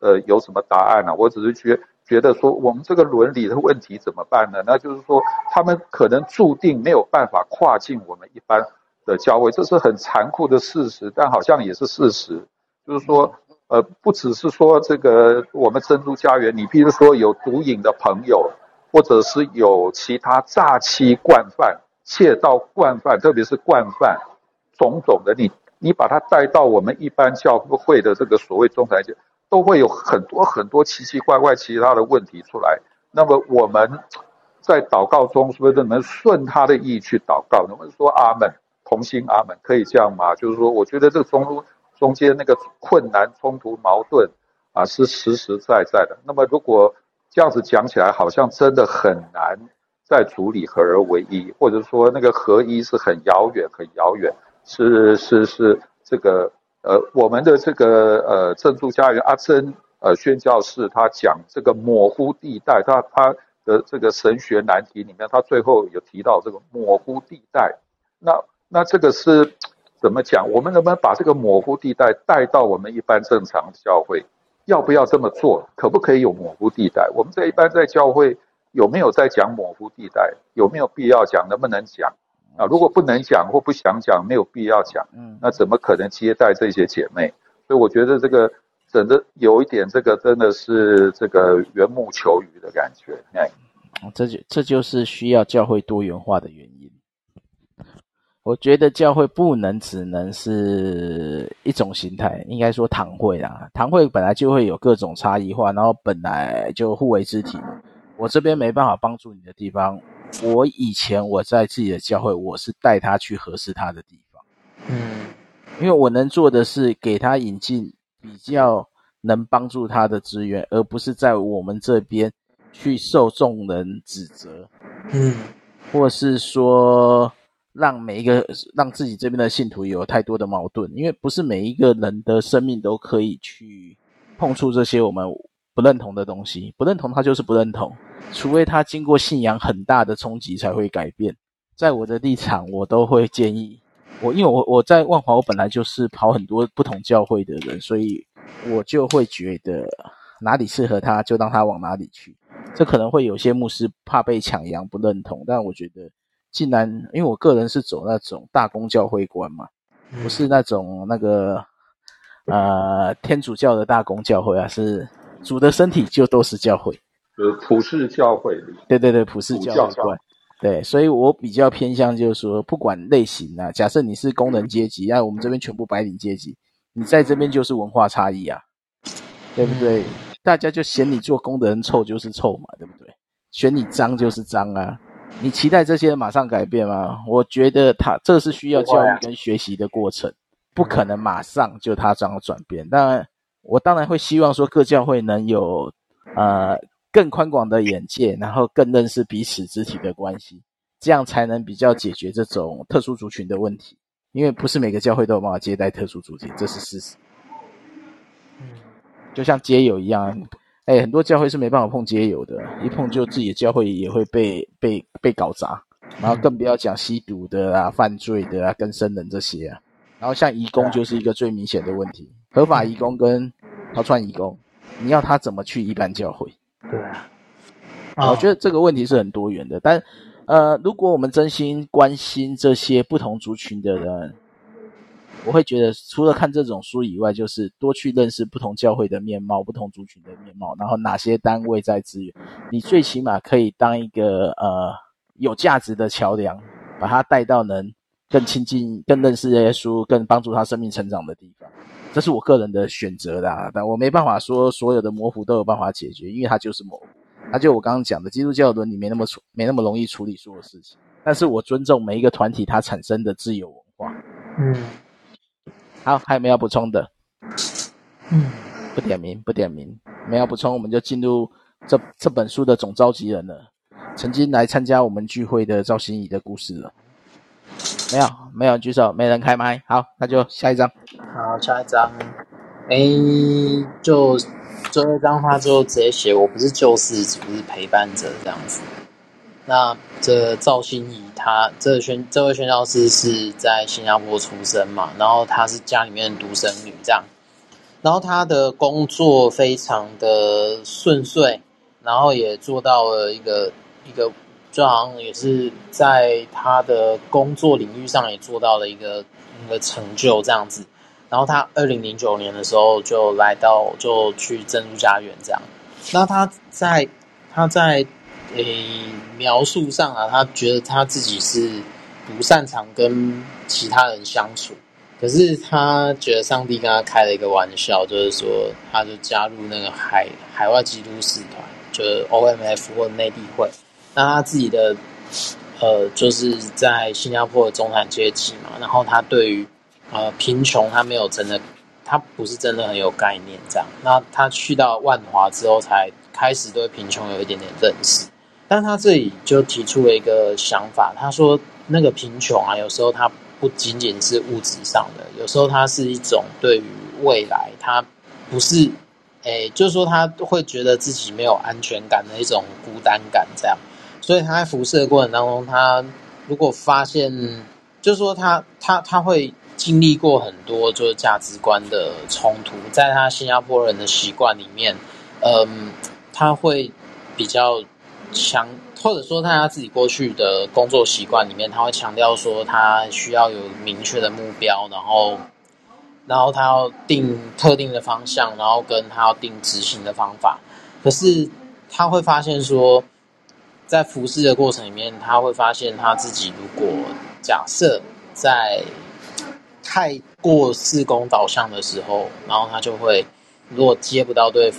呃有什麼答案啊，我只是覺覺得說我們這個倫理的問題怎麼辦呢？那就是說，他們可能注定沒有辦法跨進我們一般的教會，這是很殘酷的事實，但好像也是事實，就是說、嗯。呃，不只是說這個，我們珍珠家園，你比如說有毒癮的朋友，或者是有其他詐欺慣犯、竊盜慣犯，特別是慣犯，種種的你，你你把他帶到我們一般教會的這個所謂中台界，都會有很多很多奇奇怪怪其他的問題出來。那麼我們在禱告中是不是能順他的意去禱告？能不能說阿門同心阿門？可以這樣嗎？就是說，我覺得這個中路。中間那個困難、衝突、矛盾，啊，是實實在在的。那麼，如果這樣子講起來，好像真的很難在主裡合而為一，或者說那個合一是很遙遠、很遙遠。是是是，這個呃，我們的這個呃，珍珠家園阿珍呃宣教士他講這個模糊地帶，他他的這個神學難題裡面，他最後有提到這個模糊地帶。那那這個是。怎麼講？我們能不能把這個模糊地帶帶到我們一般正常的教會？要不要這麼做？可不可以有模糊地帶？我們這一般在教會有沒有在講模糊地帶？有沒有必要講？能不能講？啊，如果不能講或不想講，沒有必要講，嗯，那怎麼可能接待這些姐妹？嗯，所以我覺得這個真的有一點，這個真的是這個緣木求魚的感覺。哎，嗯，這就這就是需要教會多元化的原因。我覺得教會不能只能是一種形態，應該說堂會啦。堂會本來就會有各種差異化，然後本來就互為肢體。我這邊沒辦法幫助你的地方，我以前我在自己的教會，我是帶他去合適他的地方。嗯，因為我能做的是給他引進比較能幫助他的資源，而不是在我們這邊去受眾人指責。嗯，或是說。讓每一個讓自己這邊的信徒有太多的矛盾，因為不是每一個人的生命都可以去碰觸這些我們不認同的東西。不認同他就是不認同，除非他經過信仰很大的衝擊才會改變。在我的立場，我都會建議我，因為我我在萬華，我本來就是跑很多不同教會的人，所以我就會覺得哪裡適合他，就讓他往哪裡去。這可能會有些牧師怕被搶羊不認同，但我覺得。竟然，因為我個人是走那種大公教會觀嘛，不是那種那個，呃，天主教的大公教會啊，是主的身體就都是教會，呃普世教會。對對對，普世教會，教教，對，所以我比較偏向就是說，不管類型啊，假設你是工人階級，啊，我們這邊全部白領階級，你在這邊就是文化差異啊，對不對？大家就嫌你做工的人臭就是臭嘛，對不對？嫌你髒就是髒啊。你期待這些馬上改變嗎？我覺得他這是需要教育跟學習的過程，不可能馬上就他這樣轉變。當然，我當然會希望說各教會能有呃更寬廣的眼界，然後更認識彼此肢體的關係，這樣才能比較解決這種特殊族群的問題。因為不是每個教會都有辦法接待特殊族群，這是事實。嗯，就像街友一樣。哎、欸，很多教會是沒辦法碰街友的，一碰就自己的教會也會被被被搞砸，然後更不要講吸毒的啊、犯罪的啊、更生人這些啊。然後像移工就是一個最明顯的問題，合法移工跟逃竄移工，你要他怎麼去一般教會？對啊。好，我覺得這個問題是很多元的，但呃，如果我們真心關心這些不同族群的人。我會覺得，除了看這種書以外，就是多去認識不同教會的面貌、不同族群的面貌，然後哪些單位在支援你，最起碼可以當一個呃有價值的橋梁，把它帶到能更親近、更認識這些書、更幫助他生命成長的地方。這是我個人的選擇的，但我沒辦法說所有的模糊都有辦法解決，因為它就是模糊。它就我剛剛講的，基督教倫理沒那麼沒那麼容易處理所有事情。但是我尊重每一個團體它產生的自由文化，嗯。好，還有沒有要補充的？嗯，不點名，不點名，沒有補充，我們就進入這這本書的總召集人了，曾經來參加我們聚會的趙心怡的故事了。沒有，沒有舉手，沒人開麥。好，那就下一張。好，下一張，誒、嗯欸，就最後一張畫，就直接寫，我不是救世主，是陪伴者這樣子。那這趙心怡，她這宣這位宣教師是在新加坡出生嘛，然後她是家裡面獨生女這樣，然後她的工作非常的順遂，然後也做到了一個一個，就好像也是在她的工作領域上也做到了一個一個成就這樣子，然後她二零零九年的時候就來到就去珍珠家園這樣，那她在她在。誒，描述上啊，他覺得他自己是不擅長跟其他人相處。可是他覺得上帝跟他開了一個玩笑，就是說，他就加入那個海海外基督使團，就是 OMF 或內地會。那他自己的呃，就是在新加坡的中產階級嘛。然後他對於呃貧窮，他沒有真的，他不是真的很有概念。這樣，那他去到萬華之後，才開始對貧窮有一點點認識。但他這裡就提出了一個想法，他說那個貧窮啊，有時候它不僅僅是物質上的，有時候它是一種對於未來，他不是誒、欸，就是說他會覺得自己沒有安全感的一種孤單感這樣。所以他在服事的過程當中，他如果發現，就是說他他他會經歷過很多，就是價值觀的衝突，在他新加坡人的習慣裡面，嗯，他會比較。強，或者說他他自己過去的工作習慣裡面，他會強調說他需要有明確的目標，然後，然後他要定特定的方向，然後跟他要定執行的方法。可是他會發現說，在服侍的過程裡面，他會發現他自己如果假設在太過事工導向的時候，然後他就會如果接不到對。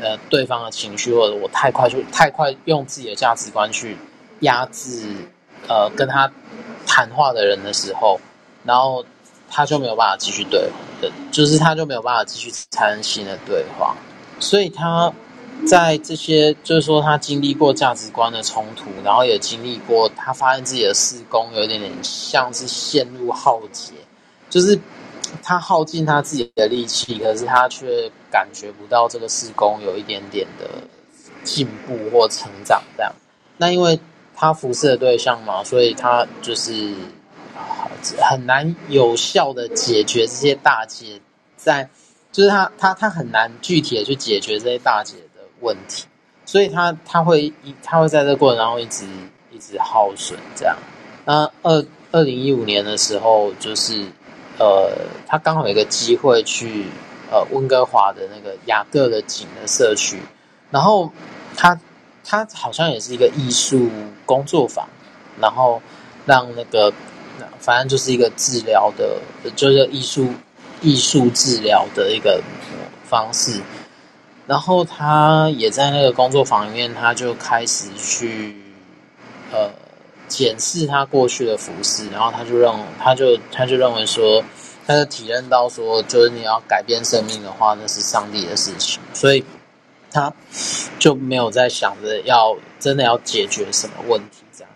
呃，對方的情緒，或者我太快去太快用自己的價值觀去壓制，呃，跟他談話的人的時候，然後他就沒有辦法繼續，對，就是他就沒有辦法繼續參與新的對話，所以他在這些就是說他經歷過價值觀的衝突，然後也經歷過他發現自己的事工有一點點像是陷入浩劫，就是。他耗盡他自己的力氣，可是他卻感覺不到這個事工有一點點的進步或成長。這樣，那因為他服事的對象嘛，所以他就是很難有效的解決這些大姐在，在就是他他他很難具體的去解決這些大姐的問題，所以他他會他會在這個過程中一直一直耗損這樣。那二二零一五年的時候，就是。呃，他剛好有一個機會去呃溫哥華的那個雅各的井的社區，然後他他好像也是一個藝術工作坊，然後讓那個反正就是一個治療的，就是藝術藝術治療的一個方式，然後他也在那個工作坊裡面，他就開始去呃。檢視他過去的服事，然後他就認，他就他就認為說，他就體驗到說，就是你要改變生命的話，那是上帝的事情，所以他就沒有在想着要真的要解決什麼問題這樣。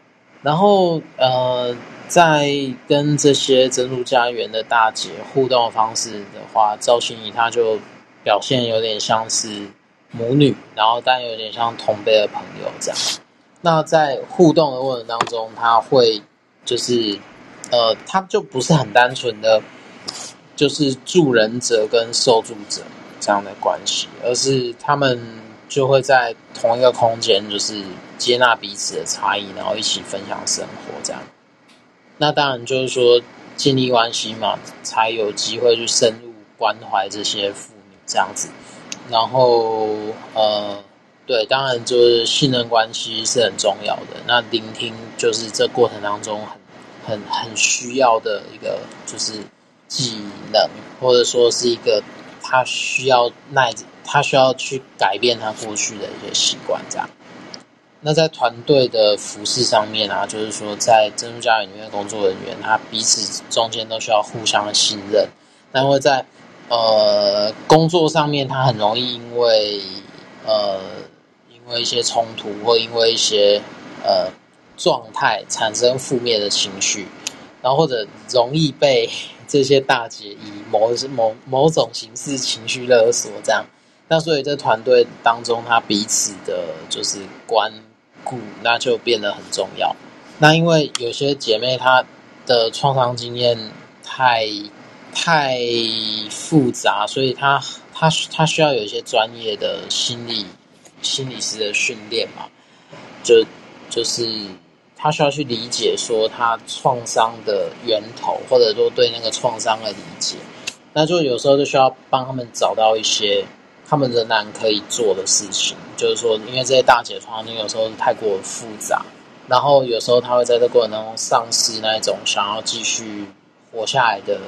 然後呃，在跟這些珍珠家園的大姐互動的方式的話，趙欣怡她就表現有點像是母女，然後但有點像同輩的朋友這樣。那在互動的過程當中，他會就是呃，他就不是很單純的，就是助人者跟受助者這樣的關係，而是他們就會在同一個空間，就是接納彼此的差異，然後一起分享生活這樣。那當然就是說，建立關係嘛，才有機會去深入關懷這些婦女這樣子。然後呃。對，當然就是信任關係是很重要的。那聆聽就是這過程當中很、很、很需要的一個就是技能，或者說是一個他需要耐，他需要去改變他過去的一些習慣，這樣。那在團隊的服侍上面啊，就是說在珍珠家裡面工作人員，他彼此中間都需要互相信任。然後在呃工作上面，他很容易因為呃。因為一些衝突，或因為一些呃狀態產生負面的情緒，然後或者容易被這些大姐以某某某種形式情緒勒索，這樣。那所以這團隊當中，她彼此的就是關顧，那就變得很重要。那因為有些姐妹她的創傷經驗太太複雜，所以她她她需要有一些專業的心理。心理師的訓練嘛，就就是他需要去理解說他創傷的源頭，或者說對那個創傷的理解。那就有時候就需要幫他們找到一些他們仍然可以做的事情，就是說，因為這些大姐創傷，有時候太過複雜，然後有時候他會在這過程當中喪失那種想要繼續活下來的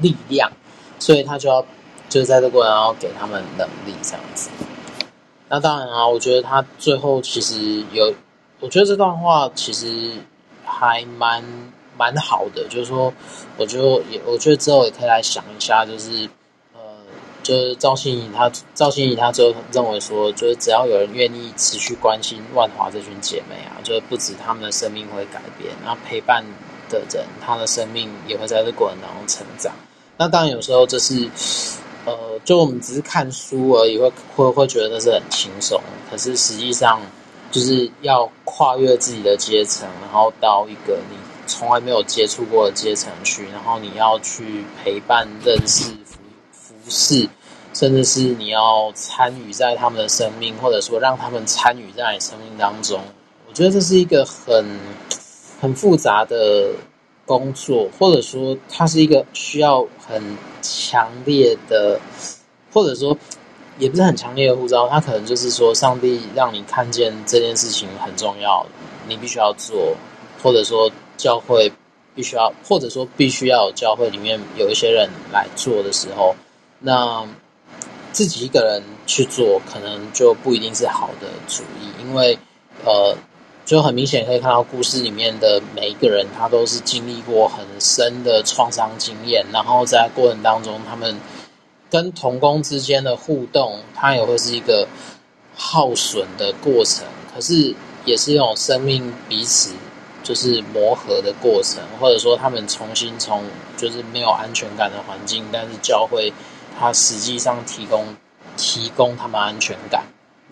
力量，所以他就要就是在這過程當中給他們能力這樣子。那當然啊，我覺得他最後其實有，我覺得這段話其實還蠻蠻好的，就是說，我就也我覺得之後也可以來想一下，就是呃，就是趙心怡他趙心怡他最後他認為說，嗯、就是只要有人願意持續關心萬華這群姐妹啊，就是不止她們的生命會改變，那陪伴的人，她的生命也會在這過程當中成長。那當然有時候這，就是。嗯呃，就我們只是看書而已，會會會覺得那是很輕鬆。可是實際上，就是要跨越自己的階層，然後到一個你從來沒有接觸過的階層去，然後你要去陪伴、認識、服服侍，甚至是你要參與在他們的生命，或者說讓他們參與在你生命當中。我覺得這是一個很很複雜的工作，或者說它是一個需要很。強烈的，或者說也不是很強烈的呼召，它可能就是說，上帝讓你看見這件事情很重要，你必須要做，或者說教會必須要，或者說必須要有教會裡面有一些人來做的時候，那自己一個人去做，可能就不一定是好的主意，因為呃。就很明顯可以看到，故事裡面的每一個人，他都是經歷過很深的創傷經驗。然後在過程當中，他們跟同工之間的互動，它也會是一個耗損的過程。可是也是一種生命彼此就是磨合的過程，或者說他們重新從就是沒有安全感的環境，但是教會他實際上提供提供他們安全感。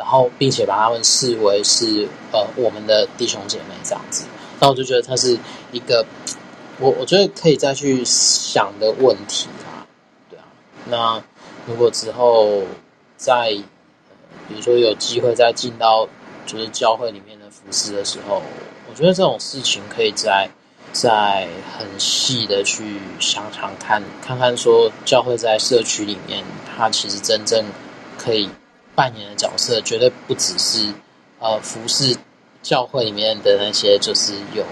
然後，並且把他們視為是呃我們的弟兄姐妹這樣子，那我就覺得他是一個，我我覺得可以再去想的問題啊，對啊。那如果之後再、呃，比如說有機會再進到就是教會裡面的服事的時候，我覺得這種事情可以再再很細的去想想看，看看說教會在社區裡面，他其實真正可以。扮演的角色絕對不只是呃，服侍教會裡面的那些，就是有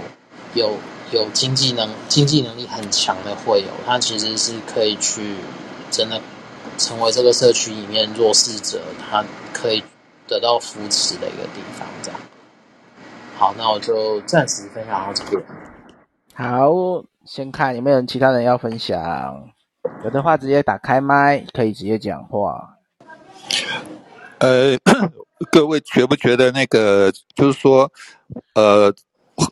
有有經濟能經濟能力很強的會友，他其實是可以去真的成為這個社區裡面弱勢者，他可以得到扶持的一個地方。這樣，好，那我就暫時分享到這邊。好，先看有沒有其他人要分享，有的話直接打開麥，可以直接講話。 [laughs] 呃，各位覺不覺得那個就是說，呃，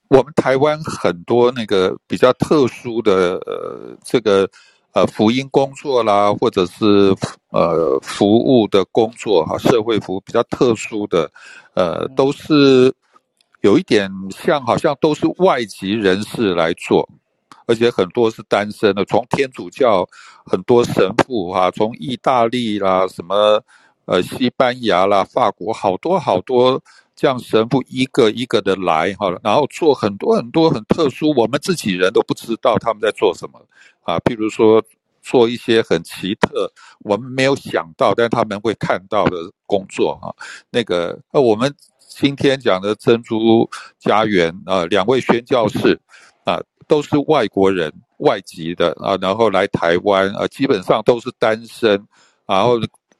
我們台灣很多那個比較特殊的呃這個呃福音工作啦，或者是呃服務的工作哈，社會服務比較特殊的呃，都是有一點像，好像都是外籍人士來做，而且很多是單身的，從天主教很多神父哈、啊，從意大利啦什麼。呃，西班牙啦，法國好多好多這樣神父一個一個的來哈，然後做很多很多很特殊，我們自己人都不知道他們在做什麼啊。譬如說，做一些很奇特，我們沒有想到，但他們會看到的工作啊。那個呃，啊，我們今天講的珍珠家園啊，兩位宣教士啊，都是外國人外籍的啊，然後來台灣啊，基本上都是單身，啊，然後。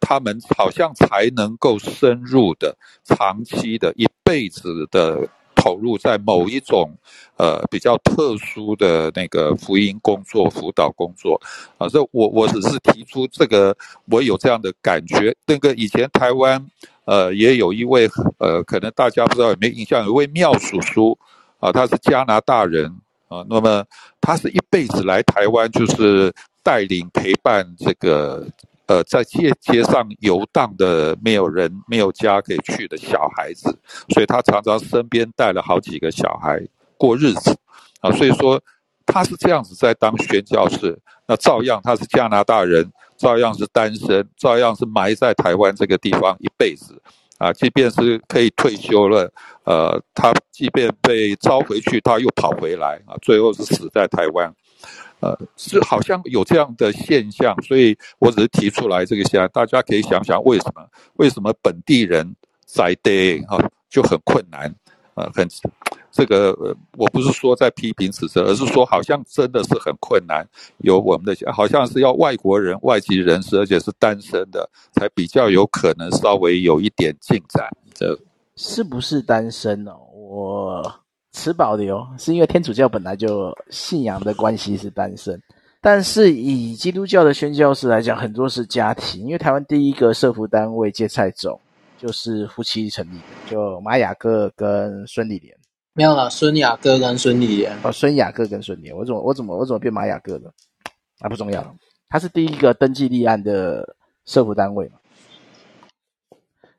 他們好像才能夠深入的、長期的、一輩子的投入在某一種，呃，比較特殊的那個福音工作、輔導工作，啊，這我我只是提出這個，我有這樣的感覺。那個以前台灣，呃，也有一位，呃，可能大家不知道有沒有印象，有一位妙叔叔，啊，他是加拿大人，啊，那麼他是一輩子來台灣，就是帶領陪伴這個。呃，在街街上遊蕩的沒有人、沒有家可以去的小孩子，所以他常常身邊帶了好幾個小孩過日子，啊，所以說他是這樣子在當宣教士，那照樣他是加拿大人，照樣是單身，照樣是埋在台灣這個地方一輩子，啊，即便是可以退休了，呃，他即便被召回去，他又跑回來，啊，最後是死在台灣。呃，是好像有這樣的現象，所以我只是提出來這個現象，大家可以想想為什麼？為什麼本地人在地、啊、就很困難？呃、啊，很這個我不是說在批評指責，而是說好像真的是很困難，有我們的好像是要外國人、外籍人士，而且是單身的，才比較有可能稍微有一點進展。這是不是單身呢、哦？我。持保留，是因為天主教本來就信仰的關係是單身，但是以基督教的宣教士來講，很多是家庭，因為台灣第一個社福單位芥菜種就是夫妻成立的，就馬雅各跟孫理蓮。沒有啦，孫雅各跟孫理蓮。哦，孫雅各跟孫理蓮，我怎麼我怎麼我怎麼變馬雅各了？啊，不重要，他是第一個登記立案的社福單位嘛。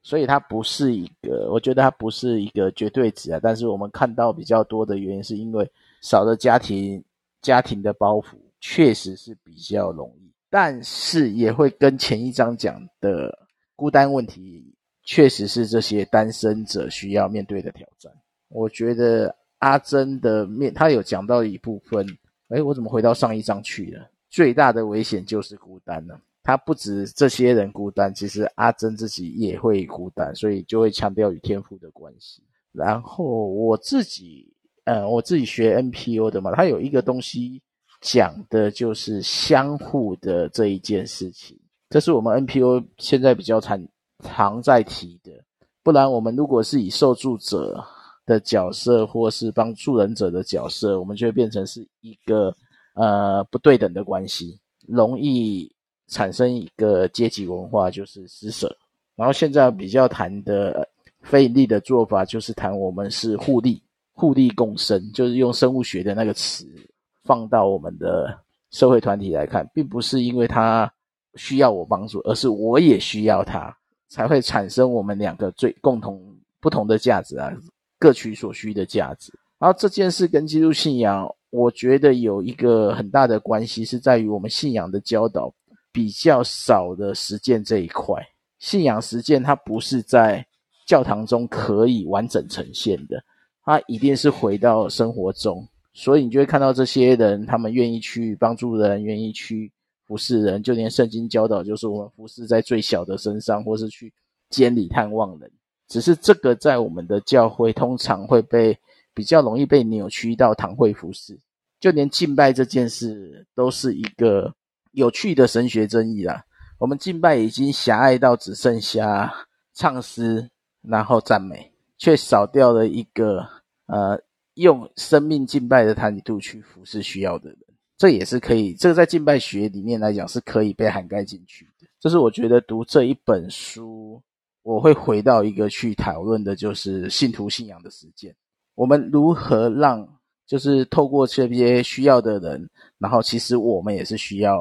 所以它不是一個，我覺得它不是一個絕對值啊。但是我們看到比較多的原因，是因為少的家庭家庭的包袱確實是比較容易，但是也會跟前一章講的孤單問題，確實是這些單身者需要面對的挑戰。我覺得阿珍的面，她有講到一部分，哎，我怎麼回到上一章去了？最大的危險就是孤單呢、啊。他不止這些人孤單，其實阿珍自己也會孤單，所以就會強調與天賦的關係。然後我自己，呃，我自己學 NPO 的嘛，它有一個東西講的就是相互的這一件事情。這是我們 NPO 現在比較常常在提的。不然我們如果是以受助者的角色，或是幫助人者的角色，我們就會變成是一個呃不對等的關係，容易。產生一個階級文化，就是施捨。然後現在比較談的非營利的做法，就是談我們是互利互利共生，就是用生物學的那個詞放到我們的社會團體來看，並不是因為他需要我幫助，而是我也需要他，才會產生我們兩個最共同不同的價值啊，各取所需的價值。然後這件事跟基督信仰，我覺得有一個很大的關係，是在於我們信仰的教導。比較少的實踐這一塊，信仰實踐它不是在教堂中可以完整呈現的，它一定是回到生活中，所以你就會看到這些人，他們願意去幫助人，願意去服侍人，就連聖經教導就是我們服侍在最小的身上，或是去監裡探望人，只是這個在我們的教會通常會被比較容易被扭曲到堂會服侍，就連敬拜這件事都是一個。有趣的神學爭議啦，我們敬拜已經狹隘到只剩下唱詩，然後讚美，卻少掉了一個呃，用生命敬拜的態度去服侍需要的人。這也是可以，這個在敬拜學裡面來講是可以被涵蓋進去的。這是我覺得讀這一本書，我會回到一個去討論的，就是信徒信仰的實踐，我們如何讓就是透過這些需要的人，然後其實我們也是需要。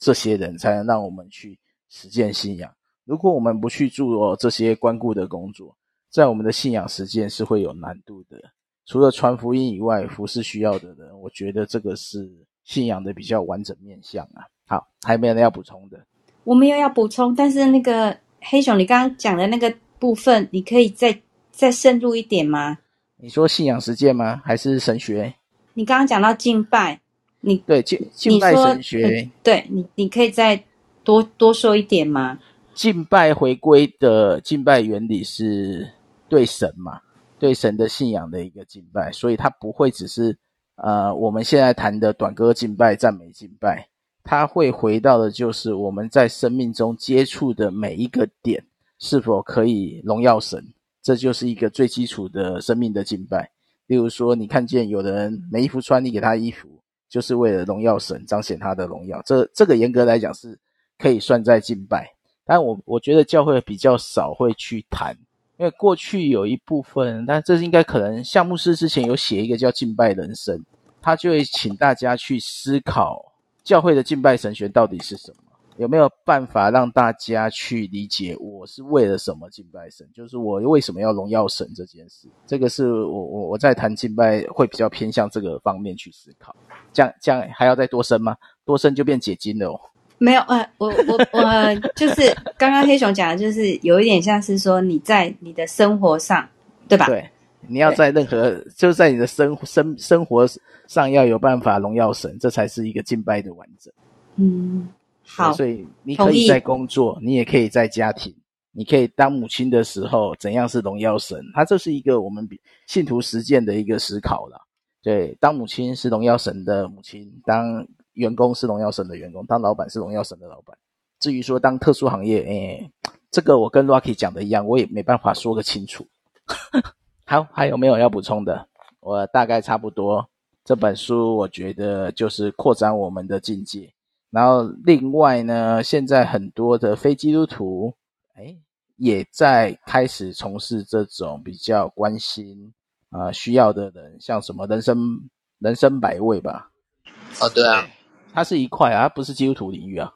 這些人才能讓我們去實踐信仰。如果我們不去做、哦、這些關顧的工作，在我們的信仰實踐是會有難度的。除了傳福音以外，服侍需要的人，我覺得這個是信仰的比較完整面向啊。好，還有沒有人要補充的？我沒有要補充，但是那個黑熊，你剛剛講的那個部分，你可以再再深入一點嗎？你說信仰實踐嗎？還是神學？你剛剛講到敬拜。你對敬敬拜神學，你你對你，你可以再多多說一點嗎？敬拜回歸的敬拜原理是對神嘛，對神的信仰的一個敬拜，所以他不會只是呃我們現在談的短歌敬拜、讚美敬拜，他會回到的就是我們在生命中接觸的每一個點是否可以榮耀神，這就是一個最基礎的生命的敬拜。例如說，你看見有的人沒衣服穿，你給他衣服。就是為了榮耀神，彰顯他的榮耀。這這個嚴格來講，是可以算在敬拜。但我我覺得教會比較少會去談，因為過去有一部分，但這是應該可能夏牧師之前有寫一個叫敬拜人生，他就會請大家去思考教會的敬拜神學到底是什麼。有沒有辦法讓大家去理解，我是為了什麼敬拜神？就是我為什麼要榮耀神這件事？這個是我我我在談敬拜會比較偏向這個方面去思考。這樣這樣還要再多深嗎？多深就變解經了哦。沒有，呃我我我就是剛剛黑熊講的，就是有一點像是說你在你的生活上，對吧？對，你要在任何對就是在你的生生生活上要有辦法榮耀神，這才是一個敬拜的完整。嗯。好所以你可以在工作，意你也可以在家庭，你可以當母親的時候，怎樣是榮耀神？它這是一個我們信徒實踐的一個思考啦。對，當母親是榮耀神的母親，當員工是榮耀神的員工，當老闆是榮耀神的老闆。至於說當特殊行業，誒、哎，這個我跟 Rocky 講的一樣，我也沒辦法說個清楚。 [laughs] 好，還有沒有要補充的？我大概差不多。這本書我覺得就是擴展我們的境界。然後另外呢，現在很多的非基督徒，哎，也在開始從事這種比較關心啊、呃、需要的人，像什麼人生人生百味吧，啊、哦、對啊，它是一塊啊，不是基督徒領域啊。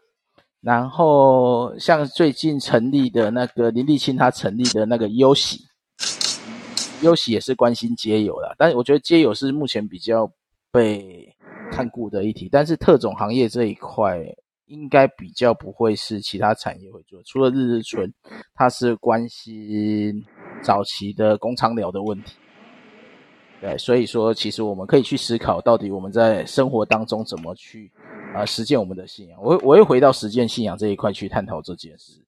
然後像最近成立的那個林立青，他成立的那個友洗，友洗也是關心街友啦，但是我覺得街友是目前比較被看顧的一體，但是特種行業這一塊應該比較不會是其他產業會做，除了日日春，它是關心早期的公娼寮的問題。對，所以說其實我們可以去思考，到底我們在生活當中怎麼去啊、呃、實踐我們的信仰。我我會回到實踐信仰這一塊去探討這件事，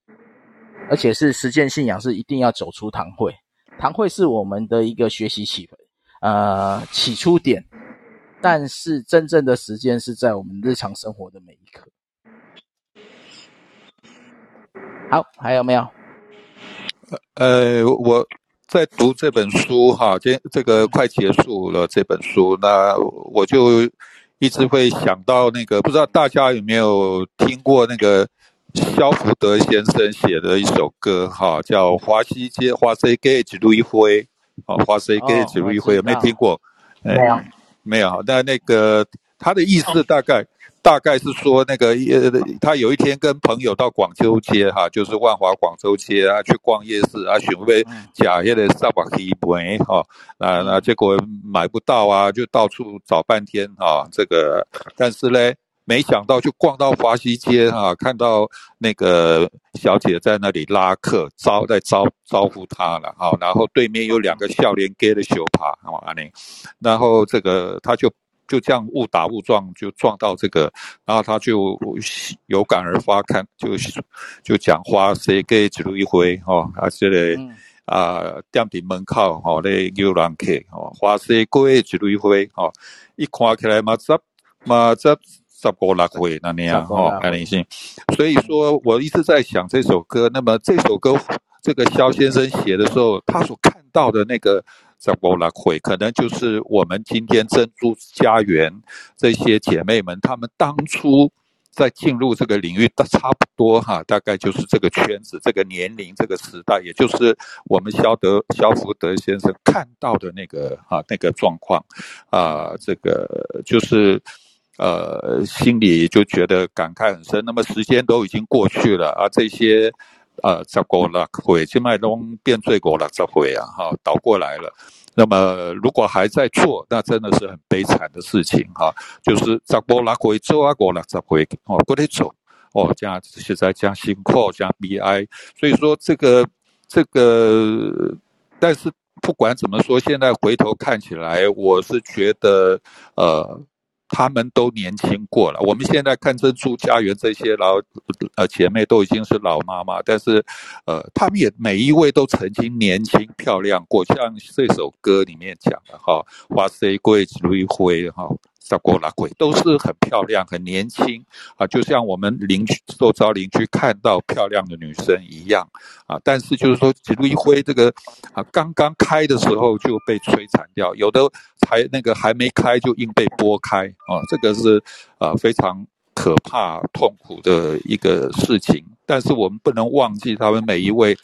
而且是實踐信仰是一定要走出堂會，堂會是我們的一個學習起呃起初點。但是真正的時間是在我們日常生活的每一刻。好，還有沒有？呃，我在讀這本書哈，今這個快結束了這本書，那我就一直會想到那個，不知道大家有沒有聽過那個蕭福德先生寫的一首歌哈，叫《華西街》，華西街只路一回，啊，華西街只路一回，哦、沒有沒有聽過？沒有。沒有，但那，那個他的意思大概大概是說，那個呃，他有一天跟朋友到廣州街哈、啊，就是萬華廣州街啊，去逛夜市啊，詢問假夜的薩瓦提本哈，那、啊、那、啊、結果買不到啊，就到處找半天啊，這個，但是嘞。沒想到就逛到華西街啊，看到那個小姐在那裡拉客，招在招招呼他了啊。然後對面有兩個笑臉 g 的小吧啊，阿玲。然後這個他就就這樣誤打誤撞就撞到這個，然後他就有感而發看，看就就講花西給 a 一路一回啊，這裡嘞啊，店頂、嗯呃、門口好，嘞、哦、有人客好、哦，花西給 a 一路一回啊、哦，一看起來嘛，這嘛這。什麼十五六歲那樣哈，愛心。所以說，我一直在想這首歌。那麼這首歌，這個蕭先生寫的時候，他所看到的那個十五六歲，可能就是我們今天珍珠家園這些姐妹們，她們當初在進入這個領域的差不多哈，大概就是這個圈子、這個年齡、這個時代，也就是我們蕭德、蕭福德先生看到的那個啊那個狀況啊，這個就是。呃，心裡就覺得感慨很深。那麼時間都已經過去了，啊，這些，呃，紮波拉鬼金麥東變罪過了這回啊，哈，倒過來了。那麼如果還在做，那真的是很悲慘的事情，哈。就是紮波拉鬼走啊果了這回，哦，哦，過來做，哦，加現在加辛苦加 BI。所以說這個這個，但是不管怎麼說，現在回頭看起來，我是覺得，呃。他們都年輕過了。我們現在看珍珠家園這些老呃姐妹都已經是老媽媽，但是，呃，她們也每一位都曾經年輕漂亮過。像這首歌裡面講的哈，花雖貴只如一灰哈，小姑娘貴都是很漂亮、很年輕啊，就像我們鄰居、周遭鄰居看到漂亮的女生一樣啊。但是就是說，只如一灰這個啊，剛剛開的時候就被摧殘掉，有的。還那個還沒開就硬被剝開啊，這個是啊、呃、非常可怕痛苦的一個事情。但是我們不能忘記，他們每一位，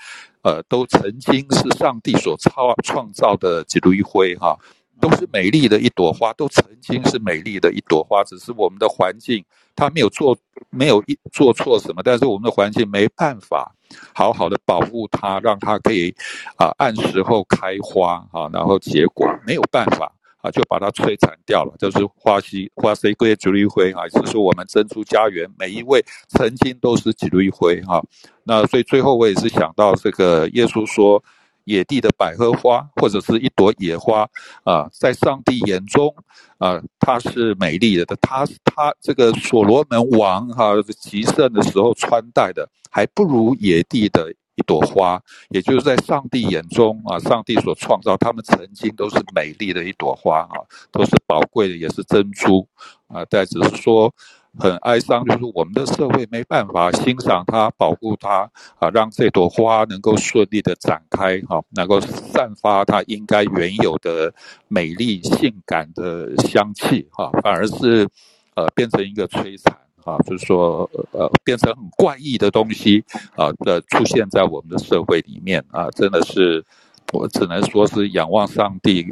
呃，都曾經是上帝所操創造的基督一輝哈，都是美麗的一朵花，都曾經是美麗的一朵花。只是我們的環境，他沒有做沒有一做錯什麼，但是我們的環境沒辦法，好好的保護它，讓它可以啊按時候開花啊，然後結果沒有辦法。啊，就把它摧殘掉了，就是花謝花謝歸去幾縷灰啊！是說我們珍珠家園每一位曾經都是幾縷灰哈、啊。那所以最後我也是想到這個，耶穌說，野地的百合花或者是一朵野花啊，在上帝眼中啊，它是美麗的。他他這個所羅門王哈極、啊、盛的時候穿戴的，還不如野地的。一朵花，也就是在上帝眼中啊，上帝所創造，他們曾經都是美麗的一朵花啊，都是寶貴的，也是珍珠啊。但只是說很哀傷，就是我們的社會沒辦法欣賞它、保護它啊，讓這朵花能夠順利的展開哈、啊，能夠散發它應該原有的美麗、性感的香氣哈、啊，反而是呃變成一個摧殘。啊，就是說，呃，變成很怪異的東西啊的，呃，出現在我們的社會裡面啊，真的是，我只能說是仰望上帝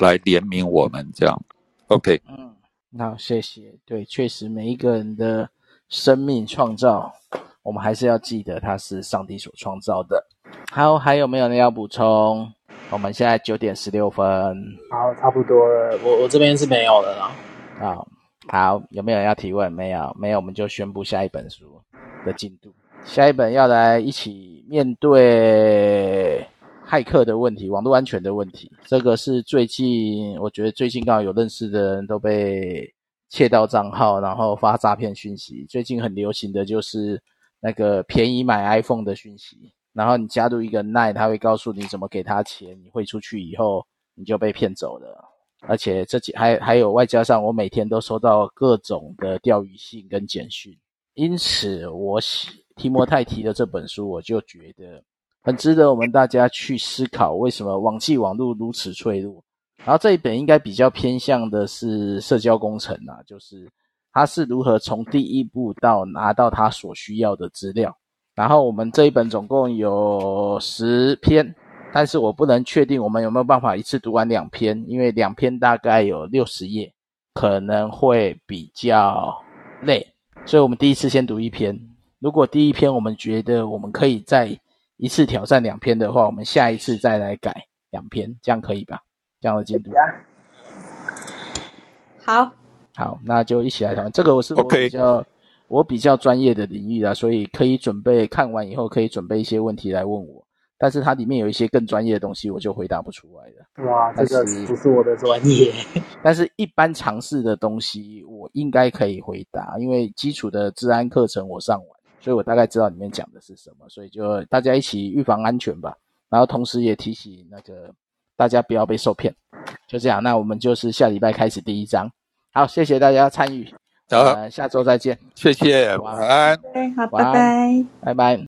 來憐憫我們這樣。OK，嗯，那謝謝。對，確實每一個人的生命創造，我們還是要記得他是上帝所創造的。好，還有沒有人要補充？我們現在九點十六分。好，差不多了。我我這邊是沒有了啦。好。好，有沒有人要提問？沒有，沒有，我們就宣布下一本書的進度。下一本要來一起面對駭客的問題，網絡安全的問題。這個是最近，我覺得最近剛好有認識的人都被竊盜賬號，然後發詐騙訊息。最近很流行的就是那個便宜買 iPhone 的訊息，然後你加入一個 LINE，他會告訴你怎麼給他錢，你匯出去以後你就被騙走了。而且這幾還還有外加上我每天都收到各種的釣魚信跟簡訊，因此我提摩太提的這本書，我就覺得很值得我們大家去思考，為什麼網際網路如此脆弱？然後這一本應該比較偏向的是社交工程啊，就是他是如何從第一步到拿到他所需要的資料。然後我們這一本總共有十篇。但是我不能確定我們有沒有辦法一次讀完兩篇，因為兩篇大概有六十頁，可能會比較累，所以，我們第一次先讀一篇。如果第一篇我們覺得我們可以再一次挑戰兩篇的話，我們下一次再來改兩篇，這樣可以吧？這樣的進度。好，好，那就一起來討論這個。我是我比較 Okay. 我比較專業的領域啦，所以可以準備看完以後，可以準備一些問題來問我。但是它裡面有一些更專業的東西，我就回答不出來了。哇，這個不是我的專業。但是一般常識的東西，我應該可以回答，因為基礎的資安課程我上完，所以我大概知道裡面講的是什麼。所以就大家一起預防安全吧，然後同時也提醒那個大家不要被受騙。就這樣，那我們就是下禮拜開始第一章。好，謝謝大家參與。走，下周再見，謝謝，晚安。好，拜拜，拜拜。